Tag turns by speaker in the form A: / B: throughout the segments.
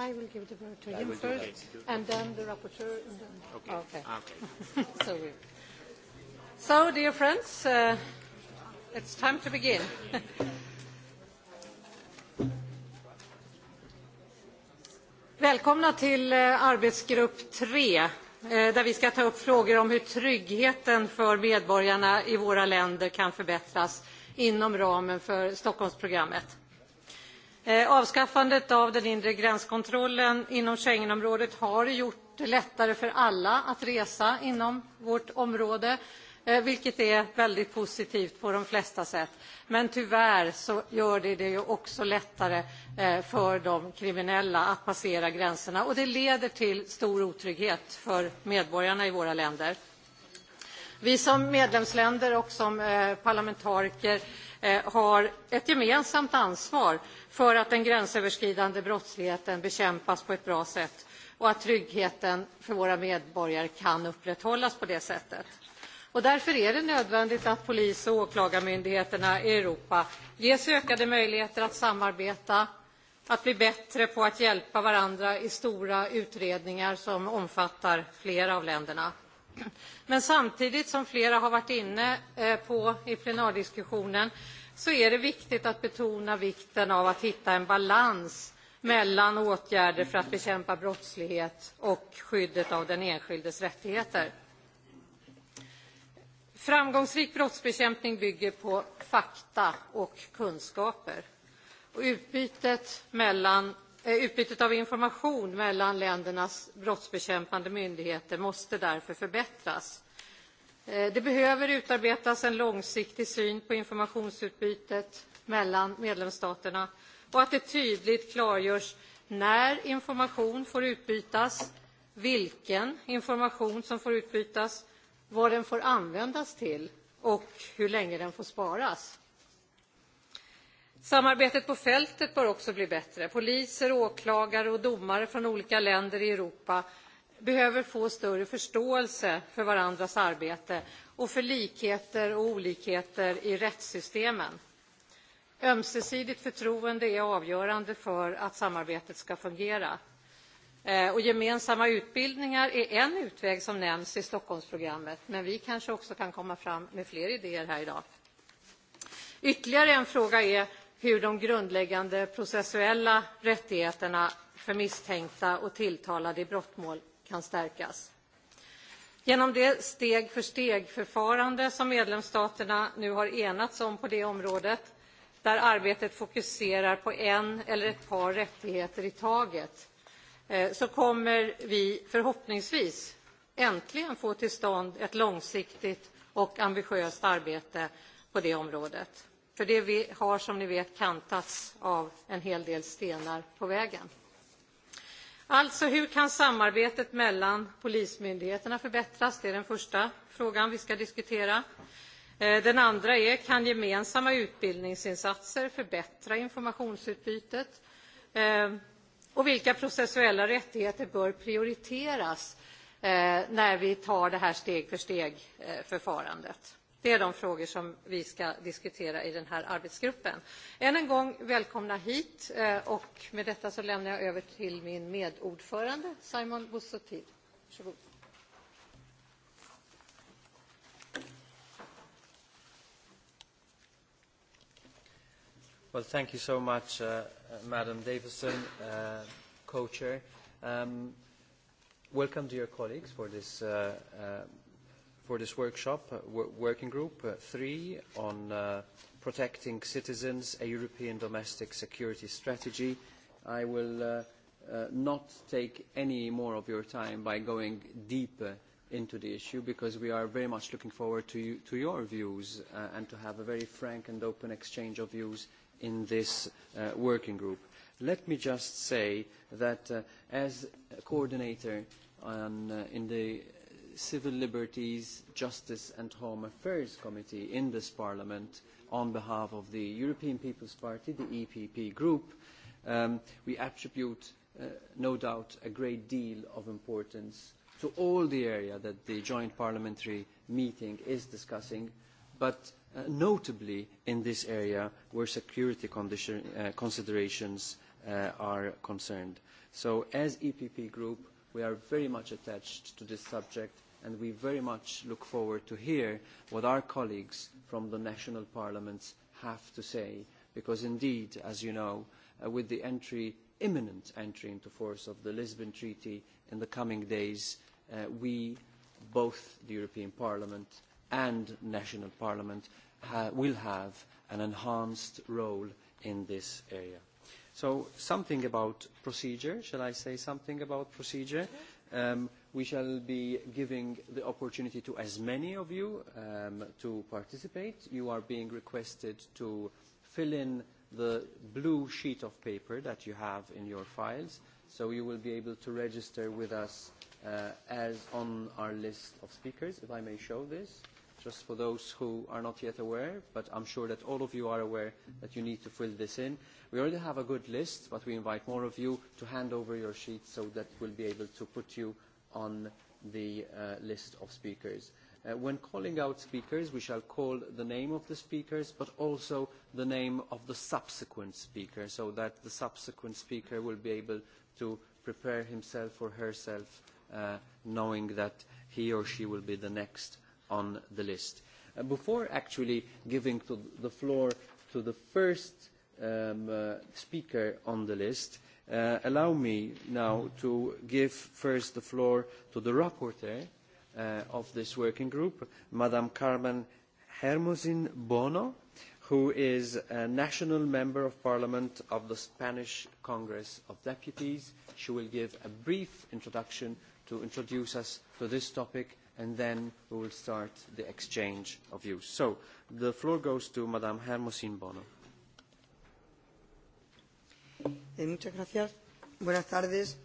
A: I will give the word to him first, and then the rapporteur. And then okay. okay. okay. so, we... so, dear friends, uh, it's time to begin. Välkomna till eh, arbetsgrupp 3 eh, där vi ska ta upp frågor om hur tryggheten för medborgarna i våra länder kan förbättras inom ramen för Stockholmsprogrammet. Eh, avskaffandet av den inre gränskontrollen inom Schengenområdet har gjort det lättare för alla att resa inom vårt område, eh, vilket är väldigt positivt på de flesta sätt. Men tyvärr så gör det det också lättare eh, för de kriminella att passera gränserna och det leder till stor otrygghet för medborgarna i våra länder. Vi som medlemsländer och som parlamentariker har ett gemensamt ansvar för att den gränsöverskridande brottsligheten bekämpas på ett bra sätt och att tryggheten för våra medborgare kan upprätthållas på det sättet. Och därför är det nödvändigt att polis och åklagarmyndigheterna i Europa ges ökade möjligheter att samarbeta, att bli bättre på att hjälpa varandra i stora utredningar som omfattar flera av länderna. Men samtidigt, som flera har varit inne eh, på i plenardiskussionen, så är det viktigt att betona vikten av att hitta en balans mellan åtgärder för att bekämpa brottslighet och skyddet av den enskildes rättigheter. Framgångsrik brottsbekämpning bygger på fakta och kunskaper. Och utbytet, mellan, eh, utbytet av information mellan ländernas brottsbekämpande myndigheter måste därför förbättras. Eh, det behöver utarbetas en långsiktig syn på informationsutbytet mellan medlemsstaterna och att det tydligt klargörs när information får utbytas, vilken information som får utbytas, vad den får användas till och hur länge den får sparas. Samarbetet på fältet bör också bli bättre. Poliser, åklagare och domare från olika länder i Europa behöver få större förståelse för varandras arbete och för likheter och olikheter i rättssystemen. Ömsesidigt förtroende är avgörande för att samarbetet ska fungera. Eh, och gemensamma utbildningar är en utväg som nämns i Stockholmsprogrammet, men vi kanske också kan komma fram med fler idéer här idag. Ytterligare en fråga är hur de grundläggande processuella rättigheterna för misstänkta och tilltalade i brottmål kan stärkas. Genom det steg-för-steg-förfarande som medlemsstaterna nu har enats om på det området, där arbetet fokuserar på en eller ett par rättigheter i taget, eh, så kommer vi förhoppningsvis äntligen få till stånd ett långsiktigt och ambitiöst arbete på det området. För det vi har, som ni vet, kantats av en hel del stenar på vägen. Alltså, hur kan samarbetet mellan polismyndigheterna förbättras? Det är den första frågan vi ska diskutera. Eh, den andra är, kan gemensamma utbildningsinsatser förbättra informationsutbytet? Eh, och vilka processuella rättigheter bör prioriteras eh, när vi tar det här steg för steg-förfarandet? Det är de frågor som vi ska diskutera i den här arbetsgruppen. Än en gång välkomna hit eh, och med detta så lämnar jag över till min medordförande Simon Busuttil. Varsågod.
B: Well, thank you so much, uh, uh Madam Davison, uh, co-chair. Um, welcome to your colleagues for this uh, uh, for this workshop, uh, working group uh, three on uh, protecting citizens, a European domestic security strategy. I will uh, uh, not take any more of your time by going deeper into the issue because we are very much looking forward to, you, to your views uh, and to have a very frank and open exchange of views in this uh, working group. Let me just say that uh, as coordinator on, uh, in the Civil Liberties, Justice and Home Affairs Committee in this Parliament on behalf of the European People's Party, the EPP group, um, we attribute uh, no doubt a great deal of importance to all the area that the joint parliamentary meeting is discussing, but uh, notably in this area where security condition, uh, considerations uh, are concerned. So as EPP group, we are very much attached to this subject and we very much look forward to hear what our colleagues from the national parliaments have to say, because indeed, as you know, uh, with the entry, imminent entry into force of the Lisbon Treaty in the coming days, uh, we, both the European Parliament and national parliament, ha will have an enhanced role in this area. So something about procedure, shall I say something about procedure? Um, We shall be giving the opportunity to as many of you um, to participate. You are being requested to fill in the blue sheet of paper that you have in your files, so you will be able to register with us uh, as on our list of speakers, if I may show this, just for those who are not yet aware, but I'm sure that all of you are aware that you need to fill this in. We already have a good list, but we invite more of you to hand over your sheets so that we'll be able to put you on the uh, list of speakers. Uh, when calling out speakers, we shall call the name of the speakers, but also the name of the subsequent speaker, so that the subsequent speaker will be able to prepare himself or herself, uh, knowing that he or she will be the next on the list. Uh, before actually giving to the floor to the first um, uh, speaker on the list, Uh, allow me now to give first the floor to the rapporteur uh, of this working group, Madame Carmen Hermosin Bono, who is a national member of parliament of the Spanish Congress of Deputies. She will give a brief introduction to introduce us to this topic and then we will start the exchange of views. So the floor goes to Madame Hermosin Bono.
C: Eh, muchas gracias. Buenas tardes.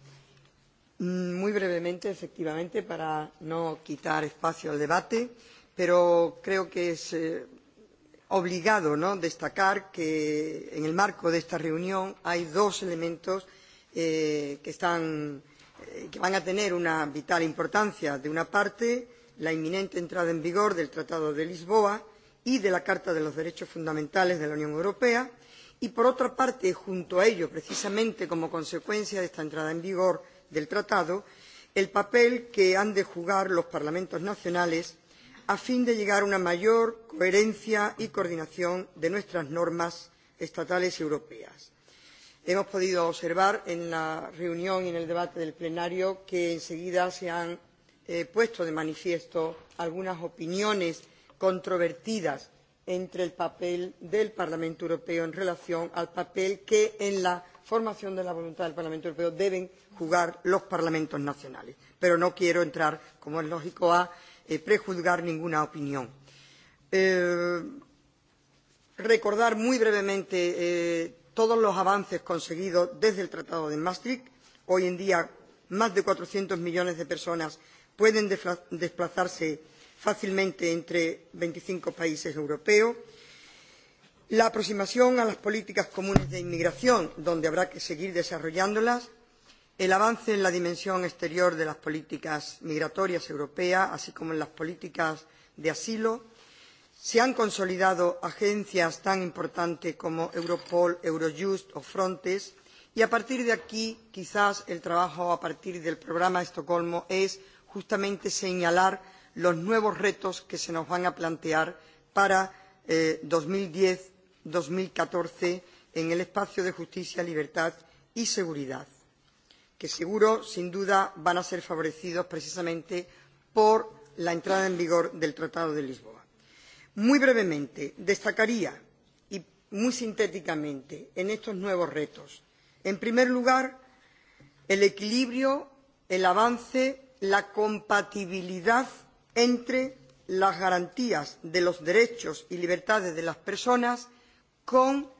C: Mm, muy brevemente, efectivamente, para no quitar espacio al debate, pero creo que es eh, obligado ¿no? destacar que en el marco de esta reunión hay dos elementos eh, que, están, eh, que van a tener una vital importancia. De una parte, la inminente entrada en vigor del Tratado de Lisboa y de la Carta de los Derechos Fundamentales de la Unión Europea, y por otra parte, junto a ello, precisamente como consecuencia de esta entrada en vigor del Tratado, el papel que han de jugar los parlamentos nacionales a fin de llegar a una mayor coherencia y coordinación de nuestras normas estatales y europeas. Hemos podido observar en la reunión y en el debate del plenario que enseguida se han eh, puesto de manifiesto algunas opiniones controvertidas entre el papel del Parlamento Europeo en relación al papel que en la formación de la voluntad del Parlamento Europeo deben jugar los parlamentos nacionales. Pero no quiero entrar, como es lógico, a eh, prejuzgar ninguna opinión. Eh, recordar muy brevemente eh, todos los avances conseguidos desde el Tratado de Maastricht. Hoy en día, más de cuatrocientos millones de personas pueden desplazarse fácilmente entre veinticinco países europeos. La aproximación a las políticas comunes de inmigración, donde habrá que seguir desarrollándolas. El avance en la dimensión exterior de las políticas migratorias europeas, así como en las políticas de asilo. Se han consolidado agencias tan importantes como Europol, Eurojust o Frontex. Y a partir de aquí, quizás el trabajo a partir del programa Estocolmo es justamente señalar los nuevos retos que se nos van a plantear para eh, dos mil diez dos mil catorce en el espacio de justicia, libertad y seguridad, que seguro, sin duda, van a ser favorecidos precisamente por la entrada en vigor del Tratado de Lisboa. Muy brevemente, destacaría y muy sintéticamente en estos nuevos retos, en primer lugar, el equilibrio, el avance, la compatibilidad entre las garantías de los derechos y libertades de las personas con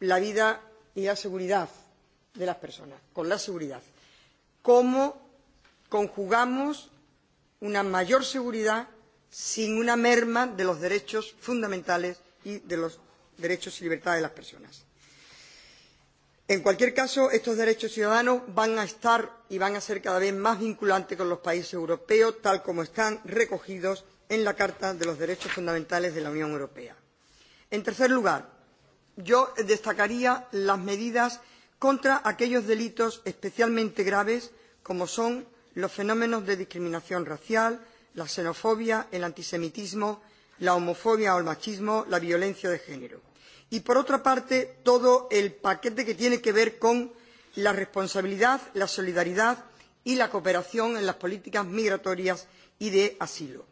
C: la vida y la seguridad de las personas, con la seguridad. ¿Cómo conjugamos una mayor seguridad sin una merma de los derechos fundamentales y de los derechos y libertades de las personas? En cualquier caso, estos derechos ciudadanos van a estar y van a ser cada vez más vinculantes con los países europeos, tal como están recogidos en la Carta de los Derechos Fundamentales de la Unión Europea. En tercer lugar, yo destacaría las medidas contra aquellos delitos especialmente graves, como son los fenómenos de discriminación racial, la xenofobia, el antisemitismo, la homofobia o el machismo, la violencia de género y, por otra parte, todo el paquete que tiene que ver con la responsabilidad, la solidaridad y la cooperación en las políticas migratorias y de asilo.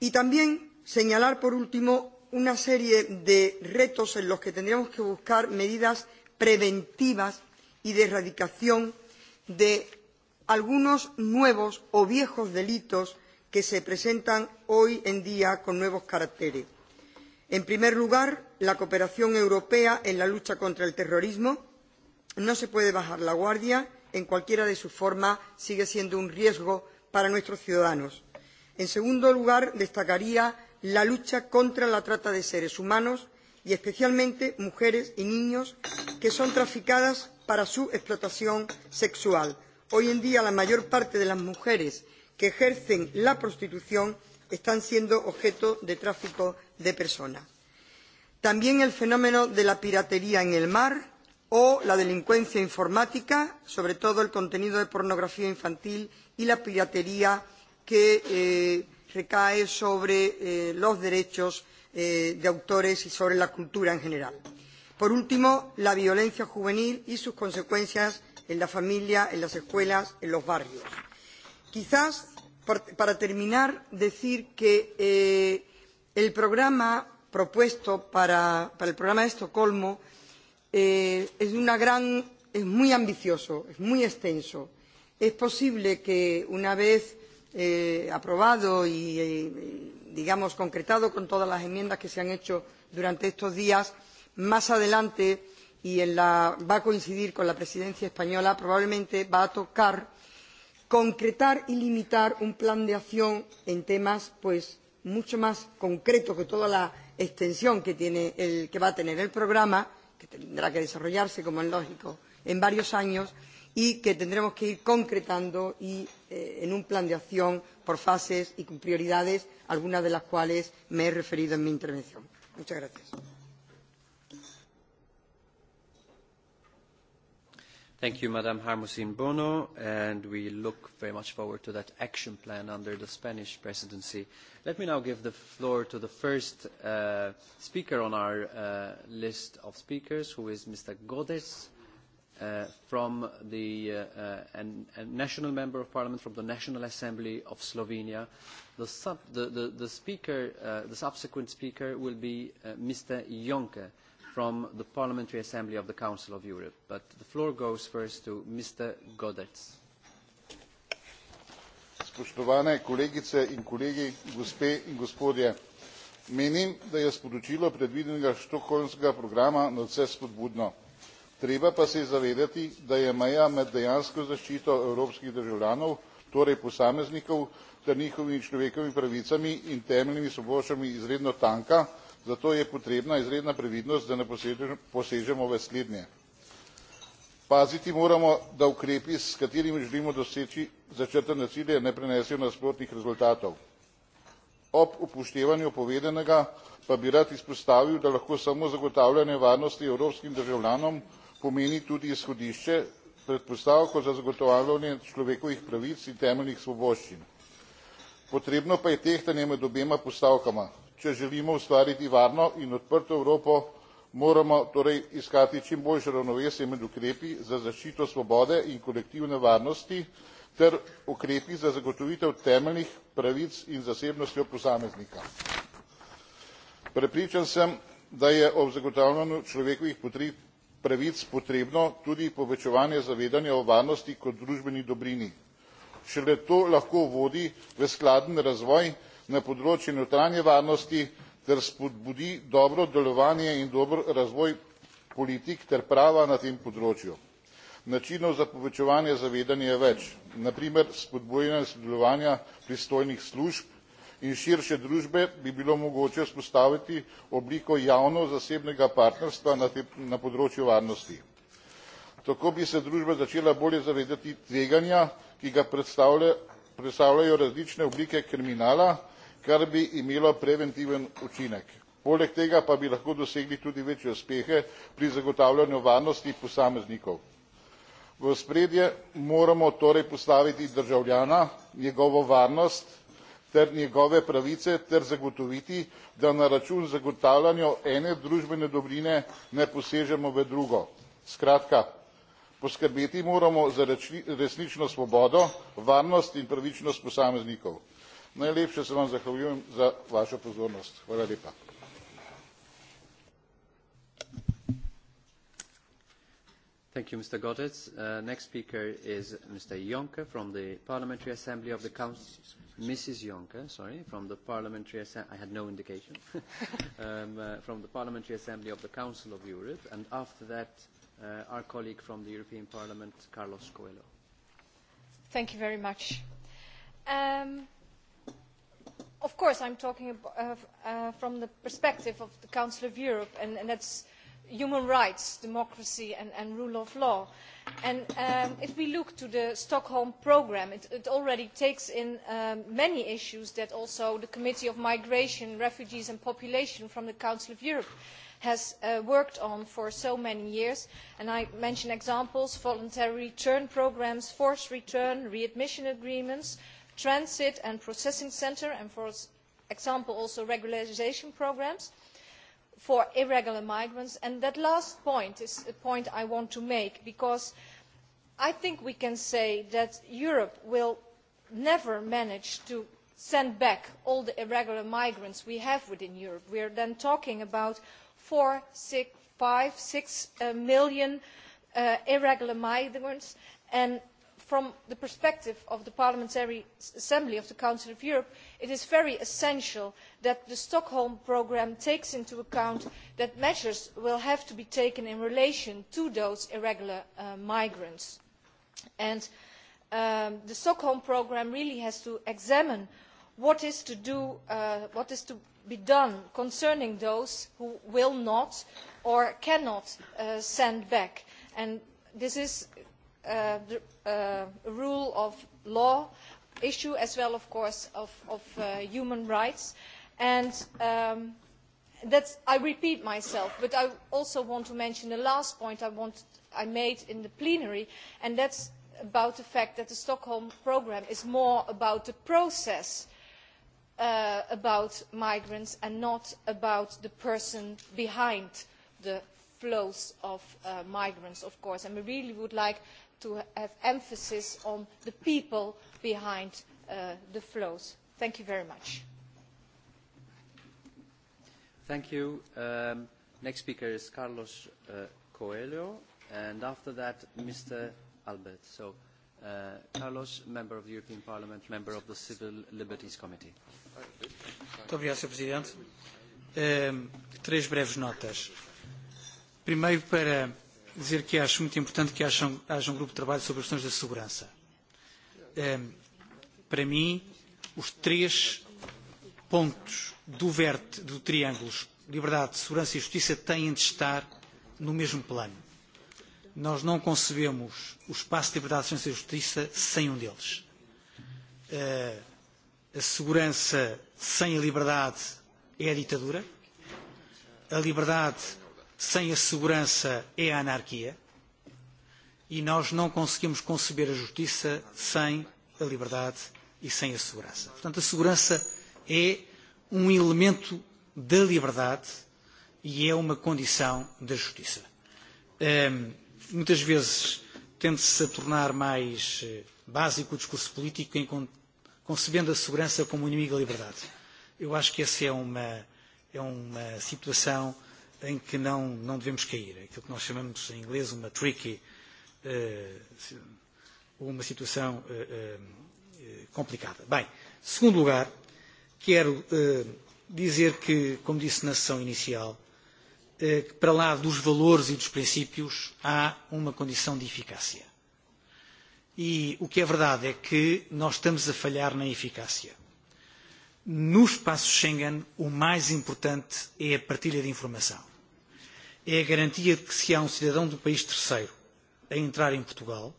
C: Y también señalar, por último, una serie de retos en los que tendríamos que buscar medidas preventivas y de erradicación de algunos nuevos o viejos delitos que se presentan hoy en día con nuevos caracteres En primer lugar, la cooperación europea en la lucha contra el terrorismo. No se puede bajar la guardia, en cualquiera de sus formas sigue siendo un riesgo para nuestros ciudadanos. En segundo lugar, destacaría la lucha contra la trata de seres humanos y especialmente mujeres y niños que son traficadas para su explotación sexual. Hoy en día la mayor parte de las mujeres que ejercen la prostitución están siendo objeto de tráfico de personas. También el fenómeno de la piratería en el mar o la delincuencia informática, sobre todo el contenido de pornografía infantil y la piratería que eh, recae sobre eh, los derechos eh, de autores y sobre la cultura en general. Por último, la violencia juvenil y sus consecuencias en la familia, en las escuelas, en los barrios. Quizás por, para terminar, decir que eh, el programa propuesto para, para el programa de Estocolmo eh, es, una gran, es muy ambicioso, es muy extenso. Es posible que una vez eh, aprobado y, eh, digamos, concretado con todas las enmiendas que se han hecho durante estos días, más adelante y en la, va a coincidir con la presidencia española, probablemente va a tocar concretar y limitar un plan de acción en temas pues mucho más concretos que toda la extensión que, tiene el, que va a tener el programa, que tendrá que desarrollarse, como es lógico, en varios años, y que tendremos que ir concretando y, eh, en un plan de acción por fases y con prioridades, algunas de las cuales me he referido en mi intervención. Muchas gracias.
B: Thank you, Madam Harmosin Bono, and we look very much forward to that action plan under the Spanish presidency. Let me now give the floor to the first uh, speaker on our uh, list of speakers, who is Mr. Godes uh, from the uh, uh, and, and national member of parliament from the National Assembly of Slovenia. The, sub, the, the, the, speaker, uh, the subsequent speaker will be uh, Mr. Jonke from the Parliamentary Assembly of the Council of Europe. But the floor goes first to
D: Mr. Godetz. Spoštovane kolegice in kolegi, gospe in gospodje, menim, da je sporočilo predvidenega štokholmskega programa nadvse spodbudno. Treba pa se zavedati, da je meja med dejansko zaščito evropskih državljanov, torej posameznikov, ter njihovimi človekovimi pravicami in temeljnimi svoboščinami izredno tanka, zato je potrebna izredna previdnost da ne posežemo v slednje. paziti moramo da ukrepi s katerimi želimo doseči začrtane cilje ne prinesejo nasprotnih rezultatov. ob upoštevanju povedanega pa bi rad izpostavil da lahko samo zagotavljanje varnosti evropskim državljanom pomeni tudi izhodišče predpostavko za zagotavljanje človekovih pravic in temeljnih svoboščin. potrebno pa je tehtanje med obema postavkama Če želimo ustvariti varno in odprto Evropo, moramo torej iskati čim boljše ravnovesje med ukrepi za zaščito svobode in kolektivne varnosti ter ukrepi za zagotovitev temeljnih pravic in zasebnosti posameznika. prepričan sem da je ob zagotavljanju človekovih pravic potrebno tudi povečevanje zavedanja o varnosti kot družbeni dobrini. šele to lahko vodi v skladen razvoj na področju notranje varnosti ter spodbudi dobro delovanje in dober razvoj politik ter prava na tem področju. načinov za povečevanje zavedanja je več na primer spodbujanje sodelovanja pristojnih služb in širše družbe bi bilo mogoče vzpostaviti obliko javno zasebnega partnerstva na, te, na področju varnosti. tako bi se družba začela bolje zavedati tveganja ki ga predstavljajo različne oblike kriminala kar bi imelo preventiven učinek. poleg tega pa bi lahko dosegli tudi večje uspehe pri zagotavljanju varnosti posameznikov. v ospredje moramo torej postaviti državljana njegovo varnost ter njegove pravice ter zagotoviti da na račun zagotavljanja ene družbene dobrine ne posežemo v drugo. skratka poskrbeti moramo za resnično svobodo varnost in pravičnost posameznikov. Najlepše se vam zahvaljujem za vašo pozornost. Hvala lepa. Thank you, Mr. Goddard. Uh, next
B: speaker is Mr. Jonker from the Parliamentary Assembly of the Council. Mrs. Jonker, sorry, from the Parliamentary Assembly. I had no indication. um, uh, from the Parliamentary Assembly of the Council of Europe. And after that, uh, our colleague from the European Parliament,
E: Carlos Coelho.
F: Thank you very much. Um, Of course, I'm talking uh, uh, from the perspective of the Council of Europe, and, and that's human rights, democracy, and, and rule of law. And um, if we look to the Stockholm programme, it, it already takes in um, many issues that also the Committee of Migration, Refugees and Population from the Council of Europe has uh, worked on for so many years. And I mention examples, voluntary return programmes, forced return, readmission agreements, transit and processing centre and for example also regularisation programmes for irregular migrants. And that last point is a point I want to make because I think we can say that Europe will never manage to send back all the irregular migrants we have within Europe. We are then talking about four, six, five, six uh, million uh, irregular migrants and from the perspective of the Parliamentary Assembly of the Council of Europe, it is very essential that the Stockholm programme takes into account that measures will have to be taken in relation to those irregular uh, migrants. And um, the Stockholm programme really has to examine what is to, do, uh, what is to be done concerning those who will not or cannot uh, send back. And this is uh, uh, rule of law issue as well, of course, of, of uh, human rights. And um, that's, I repeat myself, but I also want to mention the last point I, want, I made in the plenary, and that's about the fact that the Stockholm programme is more about the process uh, about migrants and not about the person behind the flows of uh, migrants, of course. And we really would like to have emphasis on the people behind uh, the flows. Thank you very much.
B: Thank you. Um, next speaker is Carlos uh, Coelho, and after that, Mr. Albert. So, uh, Carlos, member of the European Parliament, member of the Civil Liberties Committee. obrigado,
G: Sr. Presidente. Um, três breves notas. Primeiro, para dizer que acho muito importante que haja um, haja um grupo de trabalho sobre questões da segurança. Um, para mim, os três pontos do verte do triângulo liberdade, segurança e justiça têm de estar no mesmo plano. Nós não concebemos o espaço de liberdade, segurança e justiça sem um deles. Uh, a segurança sem a liberdade é a ditadura. A liberdade Sem a segurança é a anarquia e nós não conseguimos conceber a justiça sem a liberdade e sem a segurança. Portanto, a segurança é um elemento da liberdade e é uma condição da justiça. Um, muitas vezes tende-se a tornar mais eh, básico o discurso político em concebendo a segurança como inimigo da liberdade. Eu acho que essa é uma, é uma situação em que não, não devemos cair. Aquilo que nós chamamos em inglês uma tricky, eh, uma situação eh, eh, complicada. Bem, segundo lugar, quero dizer que, como disse na sessão inicial, que para lá dos valores e dos princípios há uma condição de eficácia. E o que é verdade é que nós estamos a falhar na eficácia. No espaço Schengen, o mais importante é a partilha de informação é a garantia de que se há um cidadão do país terceiro a entrar em Portugal,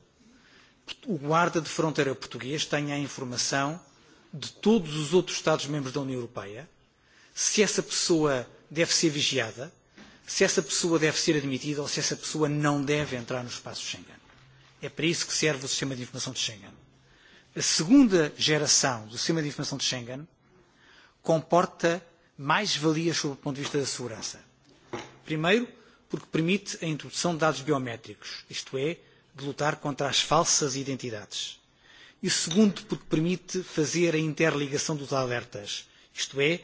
G: o guarda de fronteira português tenha a informação de todos os outros Estados-membros da União Europeia, se essa pessoa deve ser vigiada, se essa pessoa deve ser admitida ou se essa pessoa não deve entrar no espaço Schengen. É para isso que serve o sistema de informação de Schengen. A segunda geração do sistema de informação de Schengen comporta mais valias sob o ponto de vista da segurança. Primeiro, porque permite a introdução de dados biométricos, isto é, de lutar contra as falsas identidades. E o segundo, porque permite fazer a interligação dos alertas, isto é,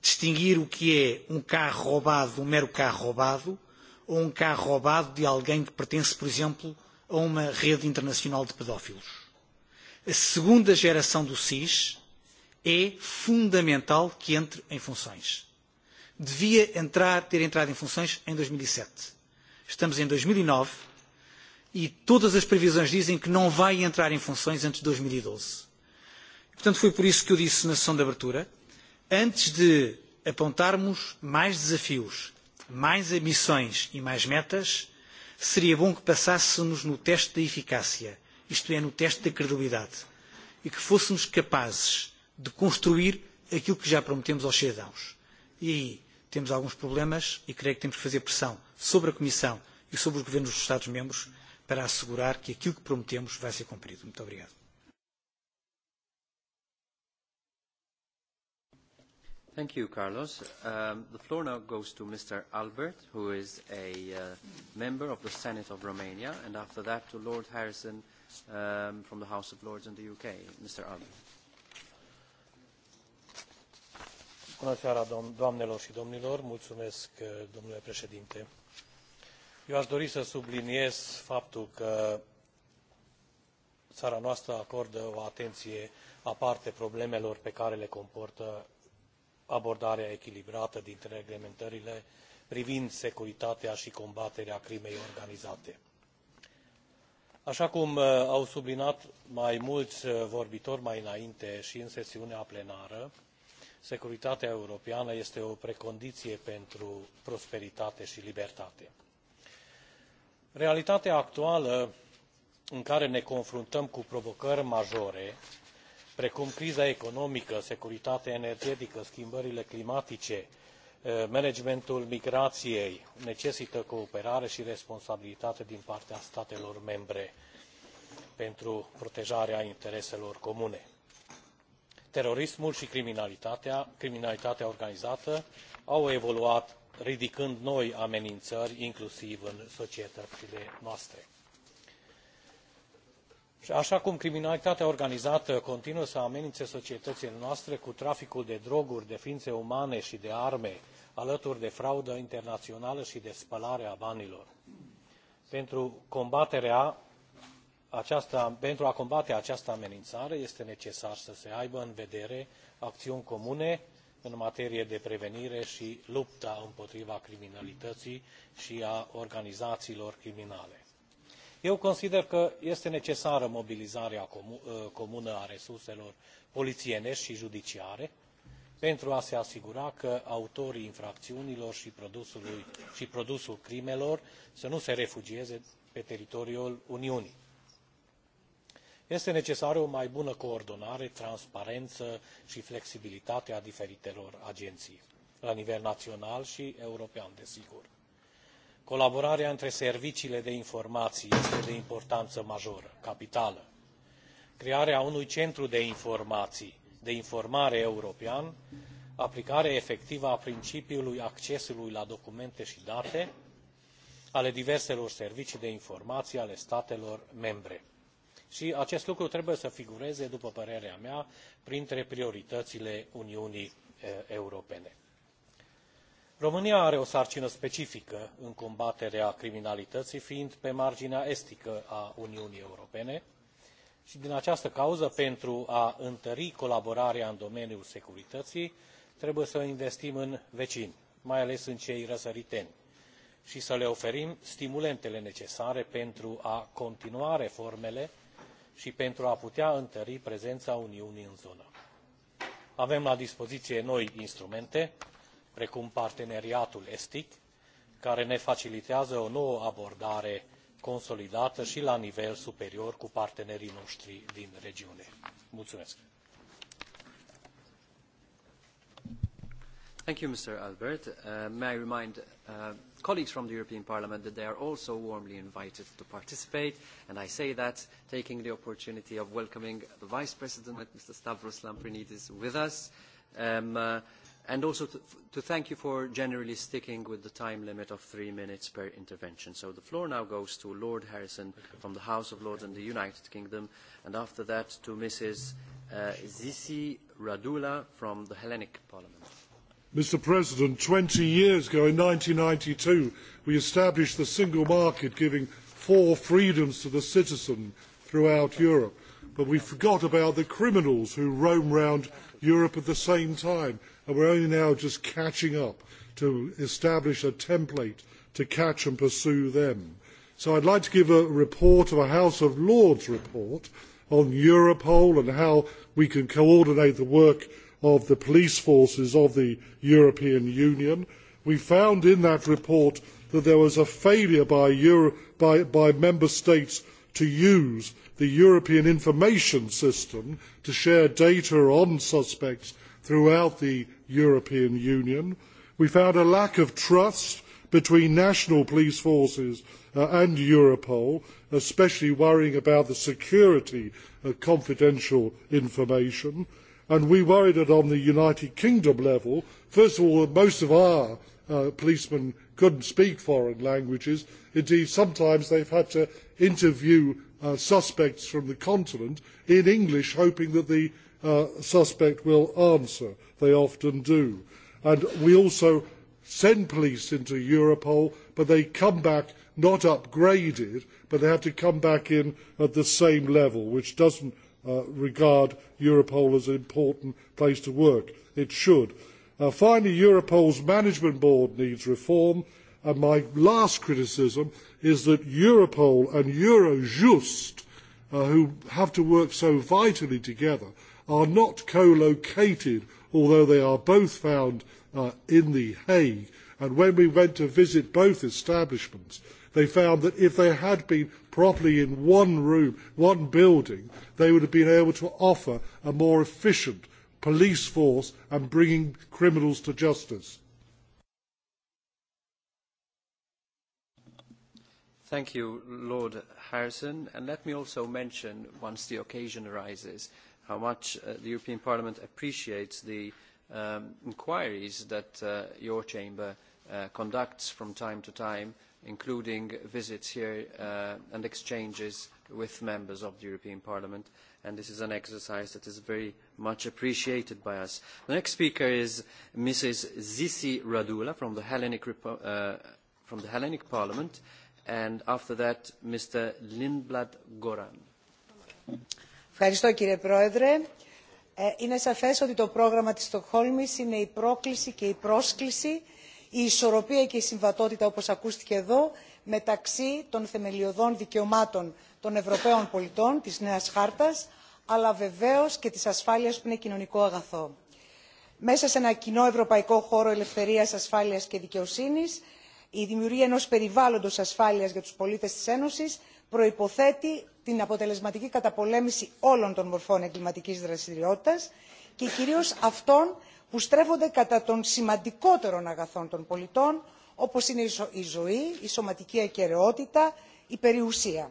G: distinguir o que é um carro roubado de um mero carro roubado ou um carro roubado de alguém que pertence, por exemplo, a uma rede internacional de pedófilos. A segunda geração do SIS é fundamental que entre em funções devia entrar, ter entrado em funções em 2007. E Estamos em 2009 e, e todas as previsões dizem que não vai entrar em funções antes de 2012. E portanto, foi por isso que eu disse na sessão de abertura, antes de apontarmos mais desafios, mais ambições e mais metas, seria bom que passássemos no teste da eficácia, isto é, no teste da credibilidade, e que fôssemos capazes de construir aquilo que já prometemos aos cidadãos. E temos alguns problemas e creio que temos que fazer pressão sobre a Comissão e sobre os governos dos Estados-membros para assegurar que aquilo que prometemos vai ser cumprido. Muito obrigado.
B: Thank you, Carlos. Um, the floor now goes to Mr. Albert, who is a uh, member of the Senate of Romania, and after that to Lord Harrison um, from the House of Lords in the UK. Mr. Albert.
H: Bună seara, doamnelor și domnilor. Mulțumesc, eh, domnule președinte. Eu aș dori să subliniez faptul că țara noastră acordă o atenție aparte problemelor pe care le comportă abordarea echilibrată dintre reglementările privind securitatea și combaterea crimei organizate. Așa cum eh, au subliniat mai mulți eh, vorbitori mai înainte și în sesiunea plenară, securitatea europeană este o precondiție pentru prosperitate și libertate. realitatea actuală în care ne confruntăm cu provocări majore precum criza economică securitatea energetică schimbările climatice eh, managementul migrației necesită cooperare și responsabilitate din partea statelor membre pentru protejarea intereselor comune terorismul și criminalitatea, criminalitatea organizată au evoluat ridicând noi amenințări inclusiv în societățile noastre. Și așa cum criminalitatea organizată continuă să amenințe societățile noastre cu traficul de droguri, de ființe umane și de arme, alături de fraudă internațională și de spălare a banilor. Pentru combaterea aċasta, pentru a combate această amenințare este necesar să se aibă în vedere acțiuni comune în materie de prevenire și lupta împotriva criminalității și a organizațiilor criminale. Eu consider că este necesară mobilizarea comună a resurselor polițienești și judiciare pentru a se asigura că autorii infracțiunilor și, produsului, și produsul crimelor să nu se refugieze pe teritoriul Uniunii Este necesară o mai bună coordonare, transparență și flexibilitate a diferitelor agenții, la nivel național și european, desigur. Colaborarea între serviciile de informații este de importanță majoră, capitală. Crearea unui centru de informații, de informare european, aplicare efectivă a principiului accesului la documente și date ale diverselor servicii de informații ale statelor membre și acest lucru trebuie să figureze, după părerea mea, printre prioritățile Uniunii e, Europene. România are o sarcină specifică în combaterea criminalității, fiind pe marginea estică a Uniunii Europene și din această cauză, pentru a întări colaborarea în domeniul securității, trebuie să investim în vecini, mai ales în cei răsăriteni, și să le oferim stimulentele necesare pentru a continua reformele și pentru a putea întări prezența Uniunii în zonă. Avem la dispoziție noi instrumente, precum parteneriatul estic, care ne facilitează o nouă abordare consolidată și la nivel superior cu partenerii noștri din regiune.
B: Mulțumesc! Thank you, Mr. Albert. Uh, may I remind uh, colleagues from the European Parliament that they are also warmly invited to participate, and I say that taking the opportunity of welcoming the Vice President, Mr. Stavros Lamprinidis, with us, um, uh, and also to, to thank you for generally sticking with the time limit of three minutes per intervention. So the floor now goes to Lord Harrison from the House of Lords and the United Kingdom, and after that to Mrs. Uh, Zisi Radula from the Hellenic Parliament.
I: Mr. President, 20 years ago in 1992, we established the single market giving four freedoms to the citizen throughout Europe. But we forgot about the criminals who roam round Europe at the same time. And we're only now just catching up to establish a template to catch and pursue them. So I'd like to give a report of a House of Lords report on Europol and how we can coordinate the work of the police forces of the European Union. We found in that report that there was a failure by, Euro by, by member states to use the European information system to share data on suspects throughout the European Union. We found a lack of trust between national police forces uh, and Europol, especially worrying about the security of confidential information. And we worry that on the United Kingdom level, first of all, most of our uh, policemen couldn't speak foreign languages. Indeed, sometimes they've had to interview uh, suspects from the continent in English, hoping that the uh, suspect will answer. They often do. And we also send police into Europol, but they come back not upgraded, but they have to come back in at the same level, which doesn't uh, regard Europol as an important place to work. It should. Uh, finally, Europol's management board needs reform. And my last criticism is that Europol and Eurojust, uh, who have to work so vitally together, are not co-located, although they are both found uh, in The Hague. And when we went to visit both establishments, they found that if they had been properly in one room, one building, they would have been able to offer a more efficient police force and bringing criminals to justice.
B: Thank you, Lord Harrison. And let me also mention, once the occasion arises, how much uh, the European Parliament appreciates the um, inquiries that uh, your chamber uh, conducts from time to time including visits here uh, and exchanges with members of the European Parliament, and this is an exercise that is very much appreciated by us. The next speaker is Mrs. Zisi Radula from the Hellenic, uh, from the Hellenic Parliament, and after that, Mr. Lindblad Goran.
J: Ευχαριστώ κύριε Πρόεδρε. Είναι σαφές ότι το πρόγραμμα της Στοκχόλμης είναι η πρόκληση και η πρόσκληση η ισορροπία και η συμβατότητα, όπως ακούστηκε εδώ, μεταξύ των θεμελιωδών δικαιωμάτων των Ευρωπαίων πολιτών, της Νέας Χάρτας, αλλά βεβαίως και της ασφάλειας που είναι κοινωνικό αγαθό. Μέσα σε ένα κοινό ευρωπαϊκό χώρο ελευθερίας, ασφάλειας και δικαιοσύνης, η δημιουργία ενός περιβάλλοντος ασφάλειας για τους πολίτες της Ένωσης προϋποθέτει την αποτελεσματική καταπολέμηση όλων των μορφών εγκληματικής δραστηριότητας και κυρίως αυτών που στρέφονται κατά των σημαντικότερων αγαθών των πολιτών όπως είναι η ζωή, η σωματική ακαιρεότητα, η περιουσία.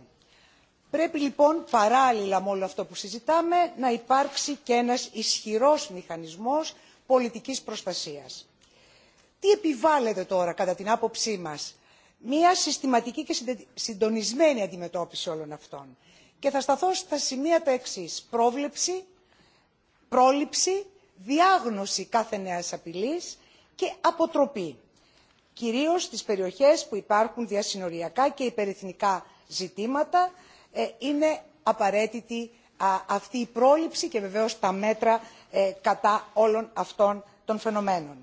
J: Πρέπει λοιπόν παράλληλα με όλο αυτό που συζητάμε να υπάρξει και ένας ισχυρός μηχανισμός πολιτικής προστασίας. Τι επιβάλλεται τώρα κατά την άποψή μας μια συστηματική και συντονισμένη αντιμετώπιση όλων αυτών. Και θα σταθώ στα σημεία τα εξής. Πρόβλεψη, πρόληψη διάγνωση κάθε νέας απειλής και αποτροπή, κυρίως στις περιοχές που υπάρχουν διασυνοριακά και υπερεθνικά ζητήματα, είναι απαραίτητη αυτή η πρόληψη και βεβαίως τα μέτρα κατά όλων αυτών των φαινομένων.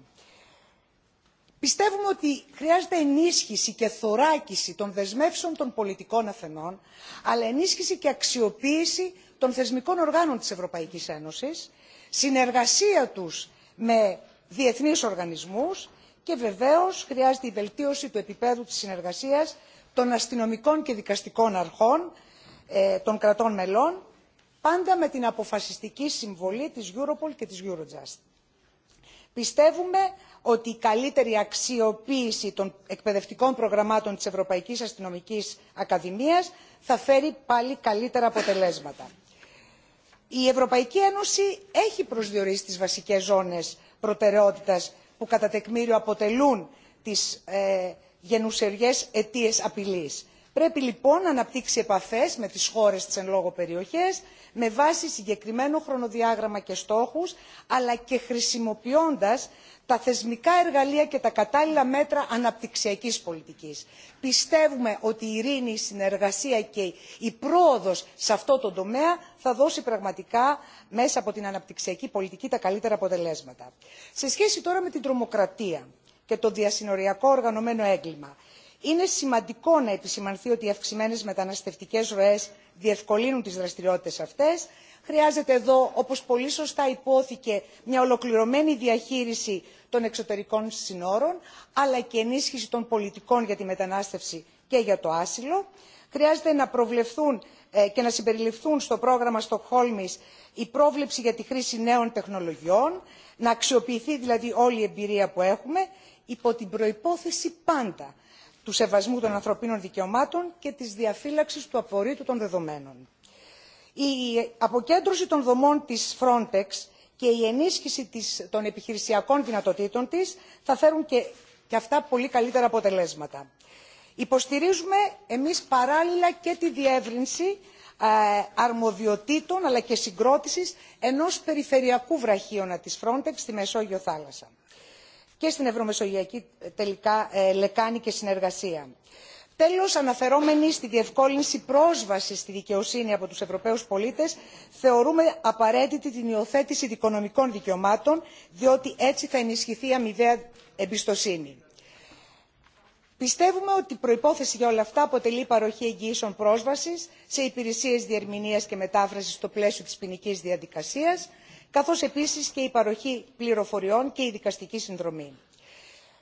J: Πιστεύουμε ότι χρειάζεται ενίσχυση και θωράκιση των δεσμεύσεων των πολιτικών αφενών, αλλά ενίσχυση και αξιοποίηση των θεσμικών οργάνων της Ευρωπαϊκής Ένωσης, συνεργασία τους με διεθνείς οργανισμούς και βεβαίως χρειάζεται η βελτίωση του επίπεδου της συνεργασίας των αστυνομικών και δικαστικών αρχών ε, των κρατών μελών, πάντα με την αποφασιστική συμβολή της Europol και της Eurojust. Πιστεύουμε ότι η καλύτερη αξιοποίηση των εκπαιδευτικών προγραμμάτων της Ευρωπαϊκής Αστυνομικής Ακαδημίας θα φέρει πάλι καλύτερα αποτελέσματα. Η Ευρωπαϊκή Ένωση έχει προσδιορίσει τις βασικές ζώνες προτεραιότητας που κατά τεκμήριο αποτελούν τις ε, γενουσεριές αιτίες απειλής. Πρέπει λοιπόν να αναπτύξει επαφές με τις χώρες της εν λόγω περιοχές με βάση συγκεκριμένο χρονοδιάγραμμα και στόχους αλλά και χρησιμοποιώντας τα θεσμικά εργαλεία και τα κατάλληλα μέτρα αναπτυξιακής πολιτικής. Πιστεύουμε ότι η ειρήνη, η συνεργασία και η πρόοδος σε αυτό το τομέα θα δώσει πραγματικά μέσα από την αναπτυξιακή πολιτική τα καλύτερα αποτελέσματα. Σε σχέση τώρα με την τρομοκρατία και το διασυνοριακό οργανωμένο έγκλημα. Είναι σημαντικό να επισημανθεί ότι οι αυξημένε μεταναστευτικέ ροέ διευκολύνουν τι δραστηριότητε αυτέ. Χρειάζεται εδώ, όπω πολύ σωστά υπόθηκε, μια ολοκληρωμένη διαχείριση των εξωτερικών συνόρων, αλλά και ενίσχυση των πολιτικών για τη μετανάστευση και για το άσυλο. Χρειάζεται να προβλεφθούν και να συμπεριληφθούν στο πρόγραμμα Στοκχόλμη η πρόβλεψη για τη χρήση νέων τεχνολογιών, να αξιοποιηθεί δηλαδή όλη η εμπειρία που έχουμε, υπό την προπόθεση πάντα του σεβασμού των ανθρωπίνων δικαιωμάτων και της διαφύλαξης του απορρίτου των δεδομένων. Η αποκέντρωση των δομών της Frontex και η ενίσχυση της, των επιχειρησιακών δυνατοτήτων της θα φέρουν και, και αυτά πολύ καλύτερα αποτελέσματα. Υποστηρίζουμε εμείς παράλληλα και τη διεύρυνση αρμοδιοτήτων αλλά και συγκρότησης ενός περιφερειακού βραχίωνα της Frontex στη Μεσόγειο θάλασσα και στην ευρωμεσογειακή τελικά λεκάνη και συνεργασία. Τέλος, αναφερόμενοι στη διευκόλυνση πρόσβασης στη δικαιοσύνη από τους Ευρωπαίους πολίτες, θεωρούμε απαραίτητη την υιοθέτηση δικονομικών δικαιωμάτων, διότι έτσι θα ενισχυθεί η αμοιβαία εμπιστοσύνη. Πιστεύουμε ότι η προϋπόθεση για όλα αυτά αποτελεί η παροχή εγγυήσεων πρόσβασης σε υπηρεσίες διερμηνίας και μετάφρασης στο πλαίσιο της ποινική διαδικασίας, καθώς επίσης και η παροχή πληροφοριών και η δικαστική συνδρομή.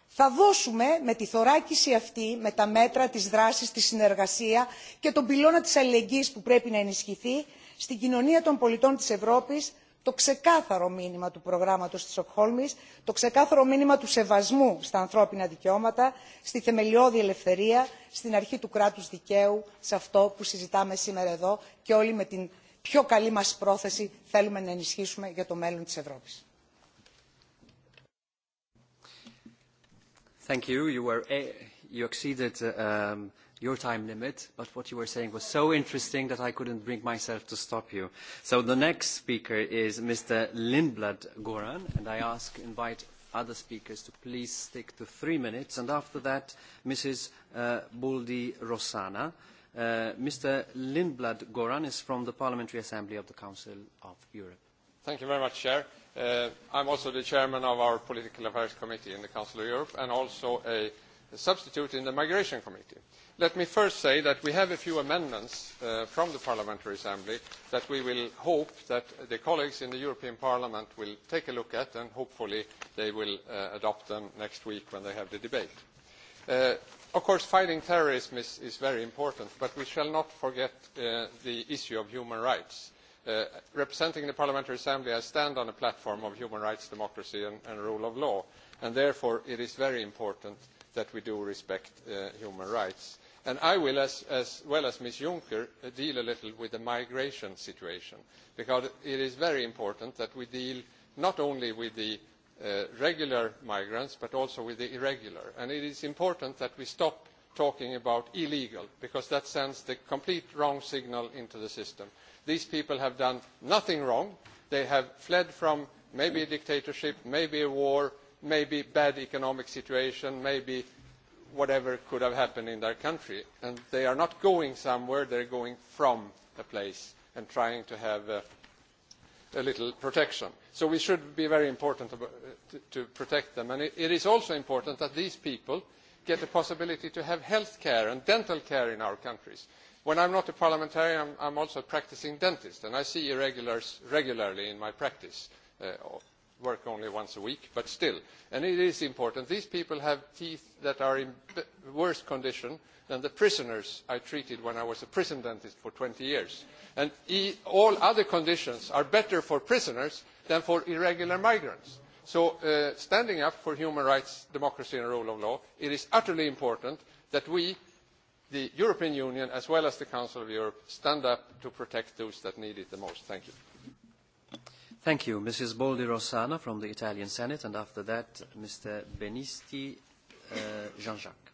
J: Θα δώσουμε με τη θωράκιση αυτή, με τα μέτρα της δράσης, τη συνεργασία και τον πυλώνα της αλληλεγγύης που πρέπει να ενισχυθεί στην κοινωνία των πολιτών της Ευρώπης το ξεκάθαρο μήνυμα του προγράμματος της Οκχόλμης, το ξεκάθαρο μήνυμα του σεβασμού στα ανθρώπινα δικαιώματα, στη θεμελιώδη ελευθερία, στην αρχή του κράτους δικαίου, σε αυτό που συζητάμε σήμερα εδώ και όλοι με την πιο καλή μας πρόθεση θέλουμε να ενισχύσουμε για το μέλλον της Ευρώπης.
B: Thank you. You, were, eh, you exceeded um, your time limit, but what you were saying was so interesting that I couldn't bring myself to stop you. So the next speaker is Mr. Lindblad Goran, and I ask, invite other speakers to please stick to three minutes, and after that, Mrs. Uh, Buldi Rosana. Uh, Mr. Lindblad Goran is from the Parliamentary Assembly of the Council of Europe.
K: Thank you very much, Chair. Uh, I'm also the chairman of our Political Affairs Committee in the Council of Europe and also a, a substitute in the Migration Committee. Let me first say that we have a few amendments uh, from the Parliamentary Assembly that we will hope that the colleagues in the European Parliament will take a look at and hopefully they will uh, adopt them next week when they have the debate. Uh, Of course, fighting terrorism is, is very important, but we shall not forget uh, the issue of human rights. Uh, representing the Parliamentary Assembly, I stand on a platform of human rights, democracy and, and rule of law, and therefore it is very important that we do respect uh, human rights. And I will, as, as well as Ms Juncker, uh, deal a little with the migration situation, because it is very important that we deal not only with the uh, regular migrants but also with the irregular. And it is important that we stop talking about illegal because that sends the complete wrong signal into the system. These people have done nothing wrong. They have fled from maybe a dictatorship, maybe a war, maybe bad economic situation, maybe whatever could have happened in their country. And they are not going somewhere, they are going from a place and trying to have a, a little protection. So we should be very important uh, to, to protect them. And it, it is also important that these people get the possibility to have health care and dental care in our countries. When I'm not a parliamentarian, I'm, I'm also a practicing dentist, and I see irregulars regularly in my practice. Uh, work only once a week, but still. And it is important. These people have teeth that are in worse condition than the prisoners I treated when I was a prison dentist for 20 years. And e all other conditions are better for prisoners than for irregular migrants. So uh, standing up for human rights, democracy and rule of law, it is utterly important that we, the European Union as well as the Council of Europe, stand up to protect those that need it the most. Thank you.
B: Thank you. Mrs. Boldi Rossana from the Italian Senate, and after that, Mr. Benisti uh, Jean-Jacques.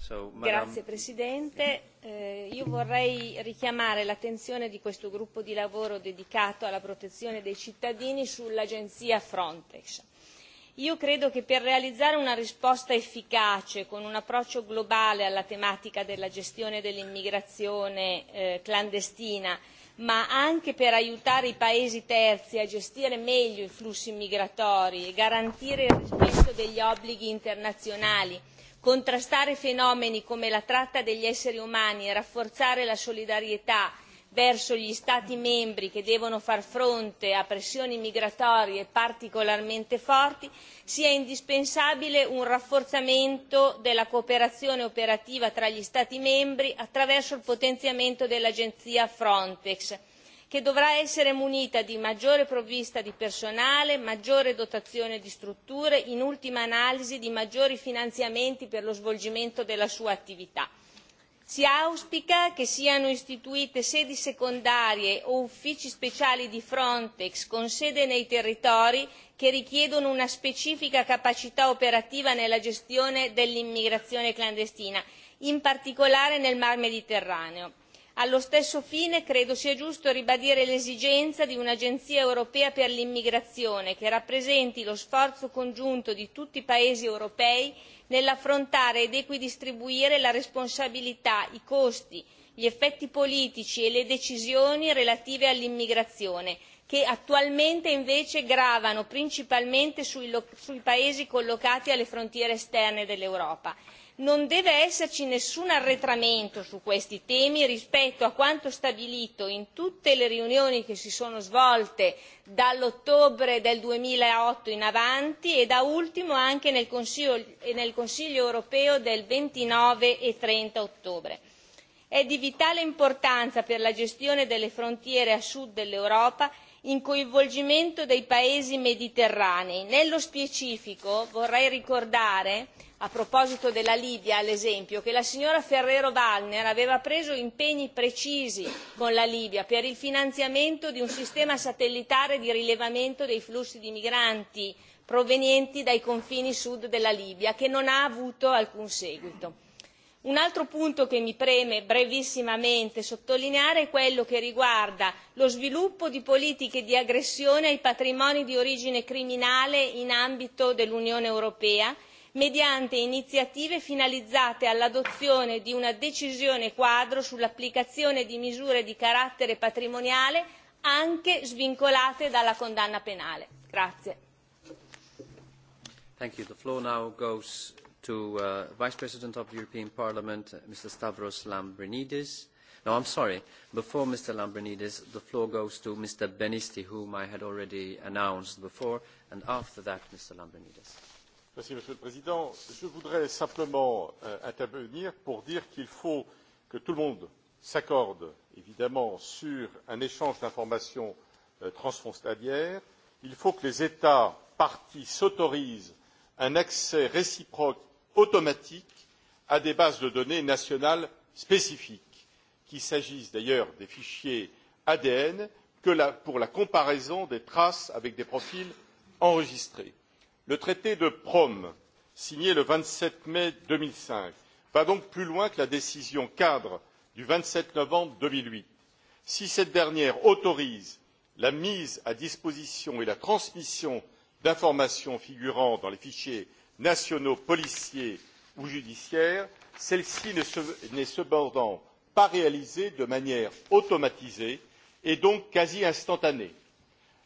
B: So, Grazie
E: Presidente. Eh, io vorrei richiamare l'attenzione di questo gruppo di lavoro dedicato alla protezione dei cittadini sull'agenzia Frontex. Io credo che per realizzare una risposta efficace con un approccio globale alla tematica della gestione dell'immigrazione eh, clandestina ma anche per aiutare i paesi terzi a gestire meglio i flussi migratori e garantire il rispetto degli obblighi internazionali, contrastare fenomeni come la tratta degli esseri umani e rafforzare la solidarietà verso gli Stati membri che devono far fronte a pressioni migratorie particolarmente forti, sia indispensabile un rafforzamento della cooperazione operativa tra gli Stati membri attraverso il potenziamento dell'agenzia Frontex che dovrà essere munita di maggiore provvista di personale, maggiore dotazione di strutture, in ultima analisi di maggiori finanziamenti per lo svolgimento della sua attività. Si auspica che siano istituite sedi secondarie o uffici speciali di Frontex con sede nei territori che richiedono una specifica capacità operativa nella gestione dell'immigrazione clandestina, in particolare nel Mar Mediterraneo. Allo stesso fine credo sia giusto ribadire l'esigenza di un'agenzia europea per l'immigrazione che rappresenti lo sforzo congiunto di tutti i Paesi europei nell'affrontare ed equidistribuire la responsabilità, i costi, gli effetti politici e le decisioni relative all'immigrazione, che attualmente invece gravano principalmente sui, sui paesi collocati alle frontiere esterne dell'Europa non deve esserci nessun arretramento su questi temi rispetto a quanto stabilito in tutte le riunioni che si sono svolte dall'ottobre del duemilaotto in avanti e da ultimo anche nel Consiglio, nel Consiglio europeo del ventinove e trenta ottobre. È di vitale importanza per la gestione delle frontiere a sud dell'Europa in coinvolgimento dei paesi mediterranei. Nello specifico vorrei ricordare, a proposito della Libia ad esempio, che la signora Ferrero Valner aveva preso impegni precisi con la Libia per il finanziamento di un sistema satellitare di rilevamento dei flussi di migranti provenienti dai confini sud della Libia, che non ha avuto alcun seguito. Un altro punto che mi preme brevissimamente sottolineare è quello che riguarda lo sviluppo di politiche di aggressione ai patrimoni di origine criminale in ambito dell'Unione Europea mediante iniziative finalizzate all'adozione di una decisione quadro sull'applicazione di misure di carattere patrimoniale anche svincolate dalla condanna penale. Grazie.
B: Thank you. The floor now goes to uh, Vice President of the European Parliament, Mr. Stavros Lambrinidis. No, I'm sorry. Before Mr. Lambrinidis, the floor goes to Mr. Benisti, whom I had already announced before, and after that, Mr. Lambrinidis.
L: Merci, Monsieur le Président. Je voudrais simplement euh, intervenir pour dire qu'il faut que tout le monde s'accorde, évidemment, sur un échange d'informations euh, transfrontalières. Il faut que les États partis s'autorisent un accès réciproque automatique à des bases de données nationales spécifiques qu'il s'agisse d'ailleurs des fichiers adn que la, pour la comparaison des traces avec des profils enregistrés. le traité de prüm signé le vingt sept mai deux mille cinq va donc plus loin que la décision cadre du vingt sept novembre deux mille huit si cette dernière autorise la mise à disposition et la transmission d'informations figurant dans les fichiers nationaux policiers ou judiciaires celle ci n'est cependant pas réalisée de manière automatisée et donc quasi instantanée.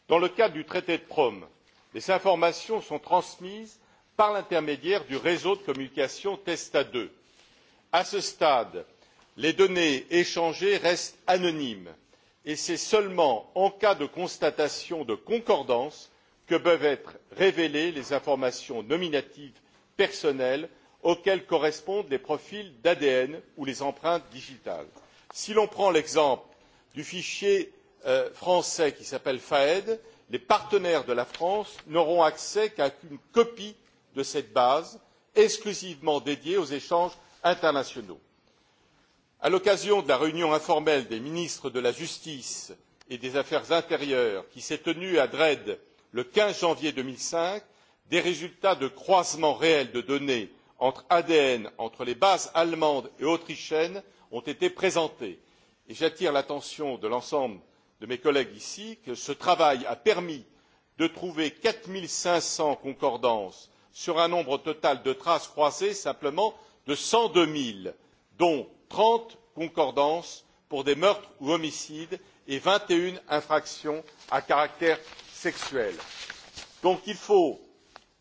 L: dans le cadre du traité de prome les informations sont transmises par l'intermédiaire du réseau de communication testa deux. à ce stade les données échangées restent anonymes et c'est seulement en cas de constatation de concordance que peuvent être révélées les informations nominatives personnelles auxquelles correspondent les profils d'adn ou les empreintes digitales. si l'on prend l'exemple du fichier euh, français qui s'appelle faed les partenaires de la france n'auront accès qu'à une copie de cette base exclusivement dédiée aux échanges internationaux. à l'occasion de la réunion informelle des ministres de la justice et des affaires intérieures qui s'est tenue à dresde le quinze janvier deux mille cinq des résultats de croisement réel de données entre adn entre les bases allemandes et autrichiennes ont été présentés et j'attire l'attention de l'ensemble de mes collègues ici que ce travail a permis de trouver quatre cinq cents concordances sur un nombre total de traces croisées simplement de cent deux zéro dont trente concordances pour des meurtres ou homicides et vingt et une infractions à caractère sexuelle. donc il faut